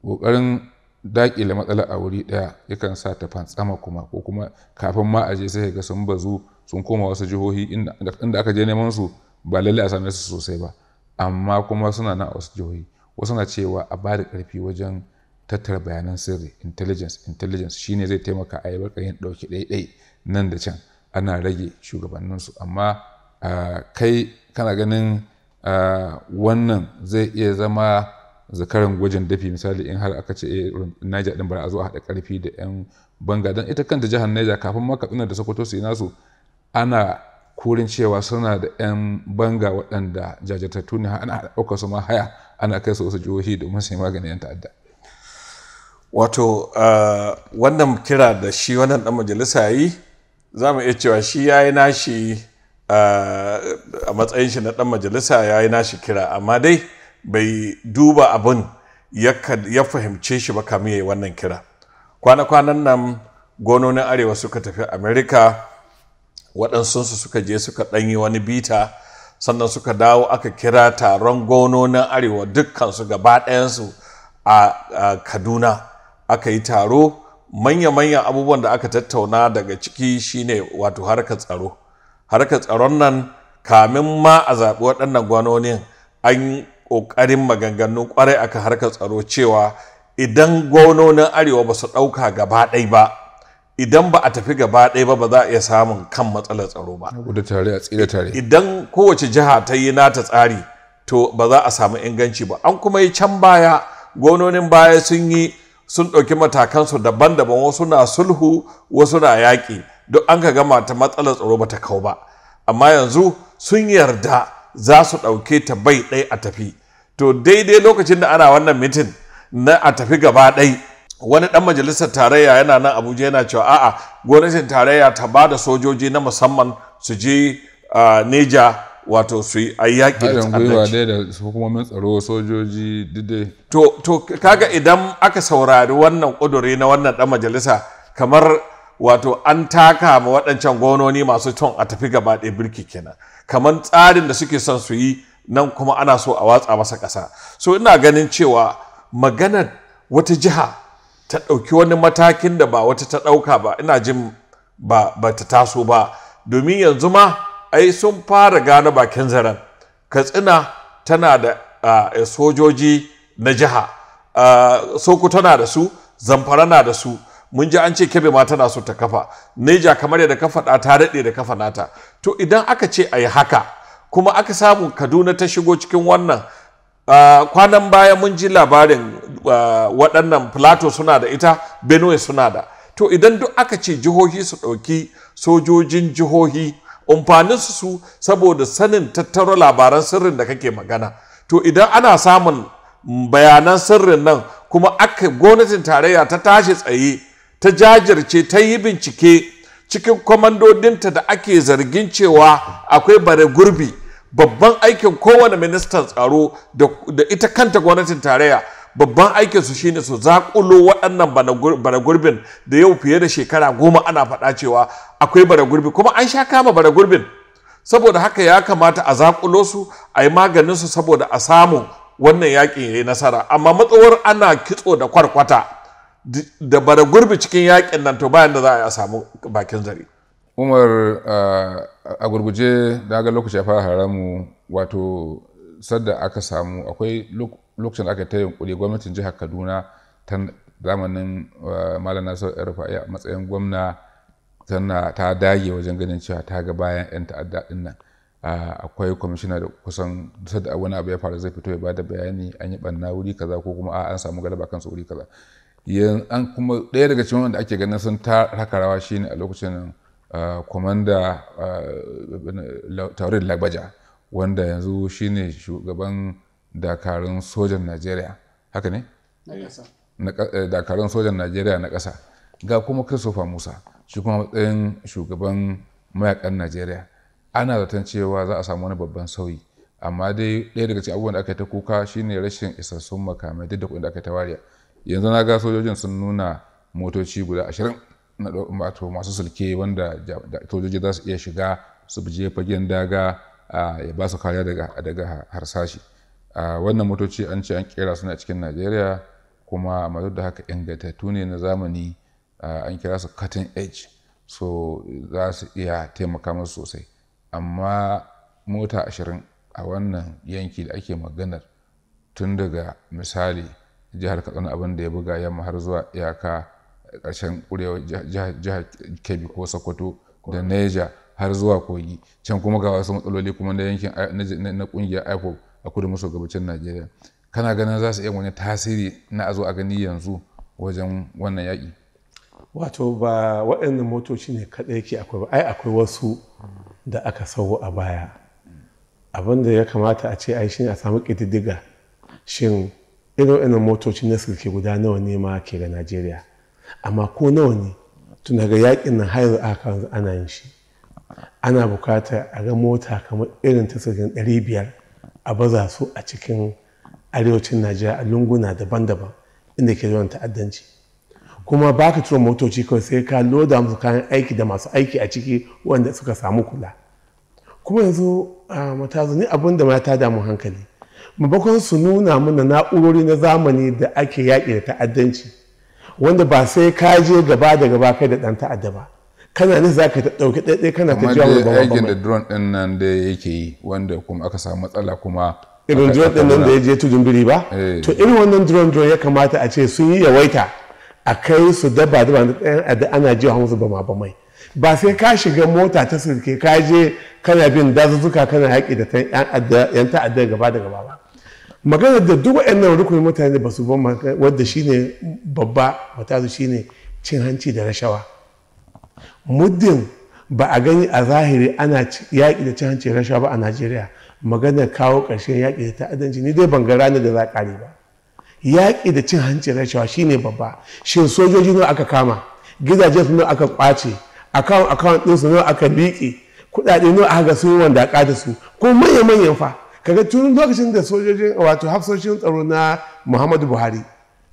ƙoƙarin daƙile matsala a wuri ɗaya yakan sa ta fantsama kuma ko kuma kafin ma a je sai ga sun bazu sun koma wasu jihohi inda aka je neman su ba lallai a same su sosai ba amma kuma suna nan a wasu jihohi wasu na cewa a ba da ƙarfi wajen tattara bayanan sirri intelligence intelligence shine zai taimaka a yi yin ɗauki ɗaiɗai nan da can ana rage shugabanninsu amma kai kana ganin wannan zai iya zama zakaran gwajin dafi misali in har aka ce eh, Niger din bara a zo a haɗa ƙarfi da 'yan banga don ita kanta jihar Niger kafin maka da Sokoto su yi nasu ana kurin cewa suna da 'yan banga waɗanda jajirtattu ne ana ɗauka su ma haya
ana kai su wasu jihohi domin su yi maganin 'yan ta'adda wato wannan kira da shi wannan ɗan majalisa yi za mu iya cewa shi ya yi nashi a matsayin shi na ɗan majalisa ya yi nashi kira amma dai bai duba abin ya fahimce shi ba kamin ya yi wannan kira kwana-kwanan nan gononin arewa suka tafi amerika waɗansunsu suka je suka ɗanyi wani bita sannan suka dawo aka kira taron gononin arewa dukkansu gaba ɗayansu a kaduna aka yi taro manya-manyan abubuwan da aka tattauna daga ciki shine wato harkar tsaro harkar tsaron nan kamin ma a zaɓi waɗannan gwanonin an ƙoƙarin maganganu kwarai aka harkar tsaro cewa idan gwanonin arewa ba su ɗauka gaba ɗai ba idan ba a tafi gaba ɗaya ba ba za a iya samun kan matsalar tsaro ba. Da tare a tsira tare. Idan kowace jiha ta yi nata tsari to ba za a samu inganci ba. An kuma yi can baya gononin baya sun yi sun ɗauki matakansu daban-daban wasu na sulhu wasu na yaƙi duk an ka gama ta matsalar tsaro ba ta kau ba. Amma yanzu sun yarda za su ɗauke ta bai ɗaya a tafi. To daidai lokacin da ana wannan mitin na a tafi gaba ɗaya wani dan majalisar tarayya yana nan abuja yana cewa a'a gwamnatin tarayya ta ba da sojoji na musamman su je neja wato su yi ayyaki da ta'addanci
da hukumomin tsaro
sojoji dide to kaga idan aka saurari wannan kuduri na wannan dan majalisa kamar wato an taka ma waɗancan gwamnoni masu ton a tafi gaba ɗaya birki kenan kamar tsarin da suke son su yi nan kuma ana so a watsa masa ƙasa so ina ganin cewa maganar wata jiha ta ɗauki wani matakin da ba wata ta ɗauka ba ina jin ba ba ta taso ba domin yanzu ma ai sun fara gane bakin zaren katsina tana da eh, sojoji na jiha soko tana da su zamfara na da su mun ji an ce kebe ma tana so ta kafa neja kamar yadda ka faɗa ta daɗe da kafa nata to idan aka ce a yi haka kuma aka samu kaduna ta shigo cikin wannan kwanan baya mun ji labarin Uh, waɗannan plato suna da ita benue suna da to idan duk aka ce jihohi su ɗauki sojojin jihohi umfaninsu su saboda sanin tattaro labaran sirrin da kake magana to idan ana samun bayanan sirrin nan kuma aka gwamnatin tarayya ta tashi tsaye ta jajirce ta yi bincike cikin kwamandodinta da ake zargin cewa akwai bare gurbi babban aikin kowane ministan tsaro da ita kanta gwamnatin tarayya babban aikinsu shine su zakulo waɗannan bara gurbin da yau fiye da shekara goma ana faɗa cewa akwai bara gurbi kuma an sha kama bara gurbin saboda haka ya kamata a zakulo su a yi maganin su saboda a samu wannan yakin ya yi nasara amma matsowar ana kitso da kwarkwata da bara gurbi cikin yakin nan to bayan da za a yi a samu bakin zari. umar a
gurguje da ga lokaci ya fara haramu wato sadda aka samu akwai lokacin da aka ta yunkuri gwamnatin jihar kaduna ta zamanin eh, malam nasar rufa'i a matsayin gwamna tana ta dage wajen ganin cewa ta ga bayan 'yan ta'adda din nan ah, akwai kwamishina da kusan da wani abu ya faru zai fito ya bada bayani an yi banna wuri kaza ko kuma an samu galaba kansu wuri kaza an kuma ɗaya daga cikin wanda ake ganin sun taka rawa shine a lokacin kwamanda eh, eh, taurin lagbaja wanda yanzu shine shugaban dakarun sojan najeriya haka ne eh, dakarun sojan najeriya na ƙasa ga kuma christopher musa shi kuma matsayin shugaban mayakan najeriya ana zaton cewa za a samu wani babban sauyi amma dai ɗaya daga cikin abubuwan da aka yi ta kuka shine rashin isassun makamai duk da kuɗin da aka yi ta wariya yanzu na ga sojojin sun nuna motoci guda ashirin na wato masu sulke wanda sojoji za su iya shiga su je fagen daga ah, ya ba su kariya daga harsashi wannan motoci an ce an kera su na cikin najeriya kuma a madu da haka ingantattu ne na zamani an kira su cutting edge so za su iya taimaka musu sosai amma mota ashirin a wannan yanki da ake maganar tun daga misali jihar katsina abin da ya buga yamma har zuwa iyaka ƙarshen ƙurewa jihar kebbi ko sokoto da neja har zuwa kogi can kuma ga wasu matsaloli kuma na yankin na ƙungiyar ipob a kudu maso gabacin najeriya kana ganin za su iya wani tasiri na a a gani yanzu wajen wannan yaƙi
wato ba waɗannan motoci ne kaɗai ke akwai ba ai akwai wasu da aka sauwa a baya abin da ya kamata a ce ai shine a samu ƙididdiga shin irin waɗannan motoci na sulke guda nawa ne ma ke ga najeriya amma ko nawa ne tun daga yaƙin nan har aka ana yin shi ana bukata a ga mota kamar irin ta sulkin ɗari biyar a baza su a cikin arewacin najeriya a lunguna daban-daban inda ke yawan ta'addanci kuma ba ka tura motoci kawai sai ka loda musu kayan aiki da masu aiki a ciki wanda suka samu kula kuma yanzu matazu ni abin da mata damu hankali mabakon su nuna mana na'urori na zamani da ake yaƙi da ta'addanci wanda ba sai ka je gaba da gaba kai da ɗan ta'adda ba kana ne za ka ta ɗauki ɗaiɗai kana ta jawo ba ba aikin da
drone ɗin nan da yake yi wanda kuma aka samu matsala kuma irin drone ɗin nan da ya
je tudun biri ba eh. to irin wannan drone drone ya kamata a ce sun yi yawaita a kai su daba daba na ɗayan ada ana jiwa musu ba ma ba mai ba sai ka shiga mota ta sirke ka je kana bin dazuzzuka kana haƙi da yan ta'adda gaba da gaba ba magana da duk waɗannan rukunin mutane ba su ba wadda shine babba su shine cin hanci da rashawa muddin ba a gani a zahiri ana yaƙi da cin hanci rashawa ba a najeriya maganar kawo ƙarshen yaƙi da ta'addanci ni dai ban ga da za ƙare ba yaƙi da cin hancin rashawa shine babba shin sojoji nawa aka kama gidajen su nawa aka ƙwace akawun akawun ɗinsu nawa aka liƙe kuɗaɗe nawa aka ga sun wanda da su ko manya manyan fa kaga tun lokacin da sojojin wato hafsoshin tsaro na muhammadu buhari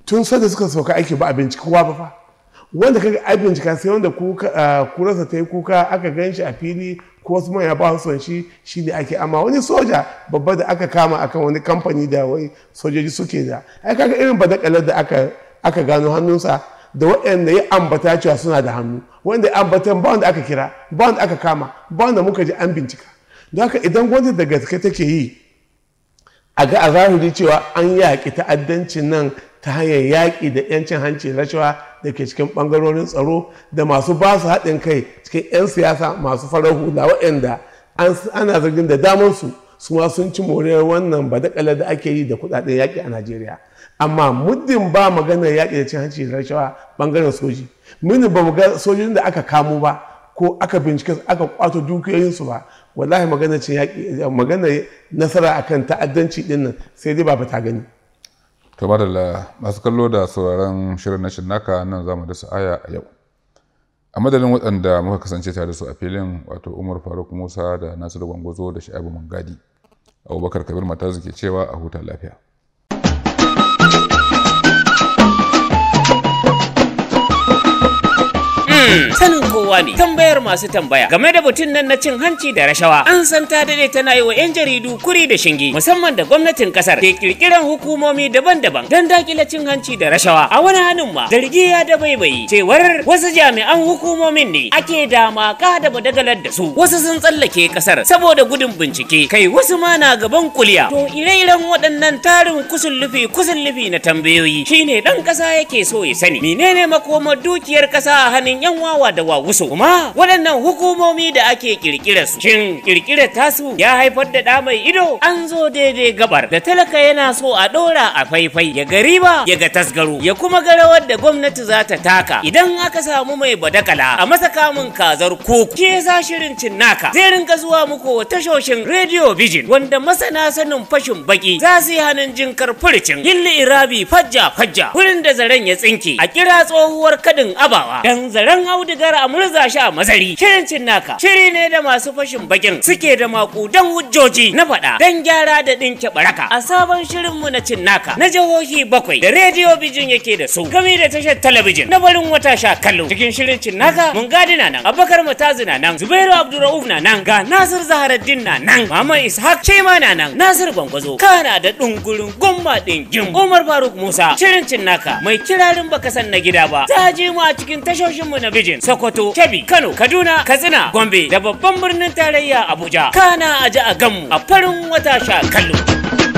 tun sanda suka sauka aiki ba a binciki kowa ba fa wanda kaga ai bincika sai wanda kurarsa ta yi kuka aka gan shi a fili ko wasu manya ba son shi shi ne ake amma wani soja babba da aka kama akan wani kamfani da wai sojoji suke da ai kaga irin badakalar da aka aka gano hannunsa da waɗanda ya ambata cewa suna da hannu wanda ya ambata ba wanda aka kira ba wanda aka kama ba wanda muka ji an bincika don haka idan gwamnati da gaske take yi a ga a zahiri cewa an yaƙi ta'addancin nan ta hanyar yaƙi da 'yancin hanci rashawa da ke cikin ɓangarorin tsaro da masu ba su haɗin kai cikin 'yan siyasa masu farar hula waɗanda ana zargin da damar su ma sun ci moriyar wannan badakalar da ake yi da kuɗaɗen yaƙi a najeriya amma muddin ba maganar yaƙi da cin hanci da rashawa ɓangaren soji mini ba mu ga sojojin da aka kamo ba ko aka bincike aka kwato dukiyoyinsu ba wallahi maganar cin yaƙi maganar nasara akan ta'addanci ɗin sai dai ba ta gani
to madalla masu kallo da sauraron shirin na naka nan zamu mu aya a yau a madadin waɗanda muka kasance tare da su a filin wato umar faruk musa da nasiru gwangwazo da sha'ibu mangadi abubakar kabir matazu ke cewa a huta lafiya
Hmm. sanin kowa ne tambayar masu tambaya game da batun nan na cin hanci da rashawa an san ta dade tana yi wa 'yan jaridu kuri da shinge musamman da gwamnatin kasar ke kirkiran hukumomi daban-daban don dakile cin hanci da rashawa a wani hannun ma zargi ya da baibayi cewar wasu jami'an hukumomin ne ake dama ka da dagalar da su wasu sun tsallake kasar saboda gudun bincike kai wasu ma na gaban kuliya to ire-iren waɗannan tarin kusun lufi kusun lufi na tambayoyi shine dan ƙasa yake so ya sani menene makomar dukiyar ƙasa a hannun 'yan wawa da wawuso kuma waɗannan hukumomi da ake kirkira su shin kirkira tasu ya haifar da ɗa mai ido an zo daidai gabar da talaka yana so a ɗora a faifai ya gari ba ya ga tasgaro ya kuma ga rawar da gwamnati za ta taka idan aka samu mai badakala a masa kamun kazar koko ke za shirin cin naka? zai rinka zuwa muku tashoshin radio vision wanda masana sanin fashin baki za su yi hannun jinkar furcin yilli irabi fajja fajja wurin da zaren ya tsinke a kira tsohuwar kaɗin abawa dan zaren dan audigar a murza shi a mazari shirin cin naka shiri ne da masu fashin bakin suke da makudan hujjoji na faɗa dan gyara da ɗinke baraka a sabon shirinmu na cin naka na jihohi bakwai da rediyo bijin yake da su gami da tashar talabijin na barin wata sha kallo cikin shirin cin naka mun gadi na nan abakar mutazu na nan zubairu abdurrauf na nan ga nasir zaharaddin na nan muhammad ishaq shema na nan nasir ka kana da gomma gumma ɗingin umar faruk musa shirin cin naka mai kirarin baka san na gida ba ta ji mu a cikin tashoshinmu na talabijin Sokoto, Kebbi, Kano, Kaduna, Katsina, Gombe da babban birnin tarayya Abuja. Kana a gan a ganmu a farin wata sha kallo.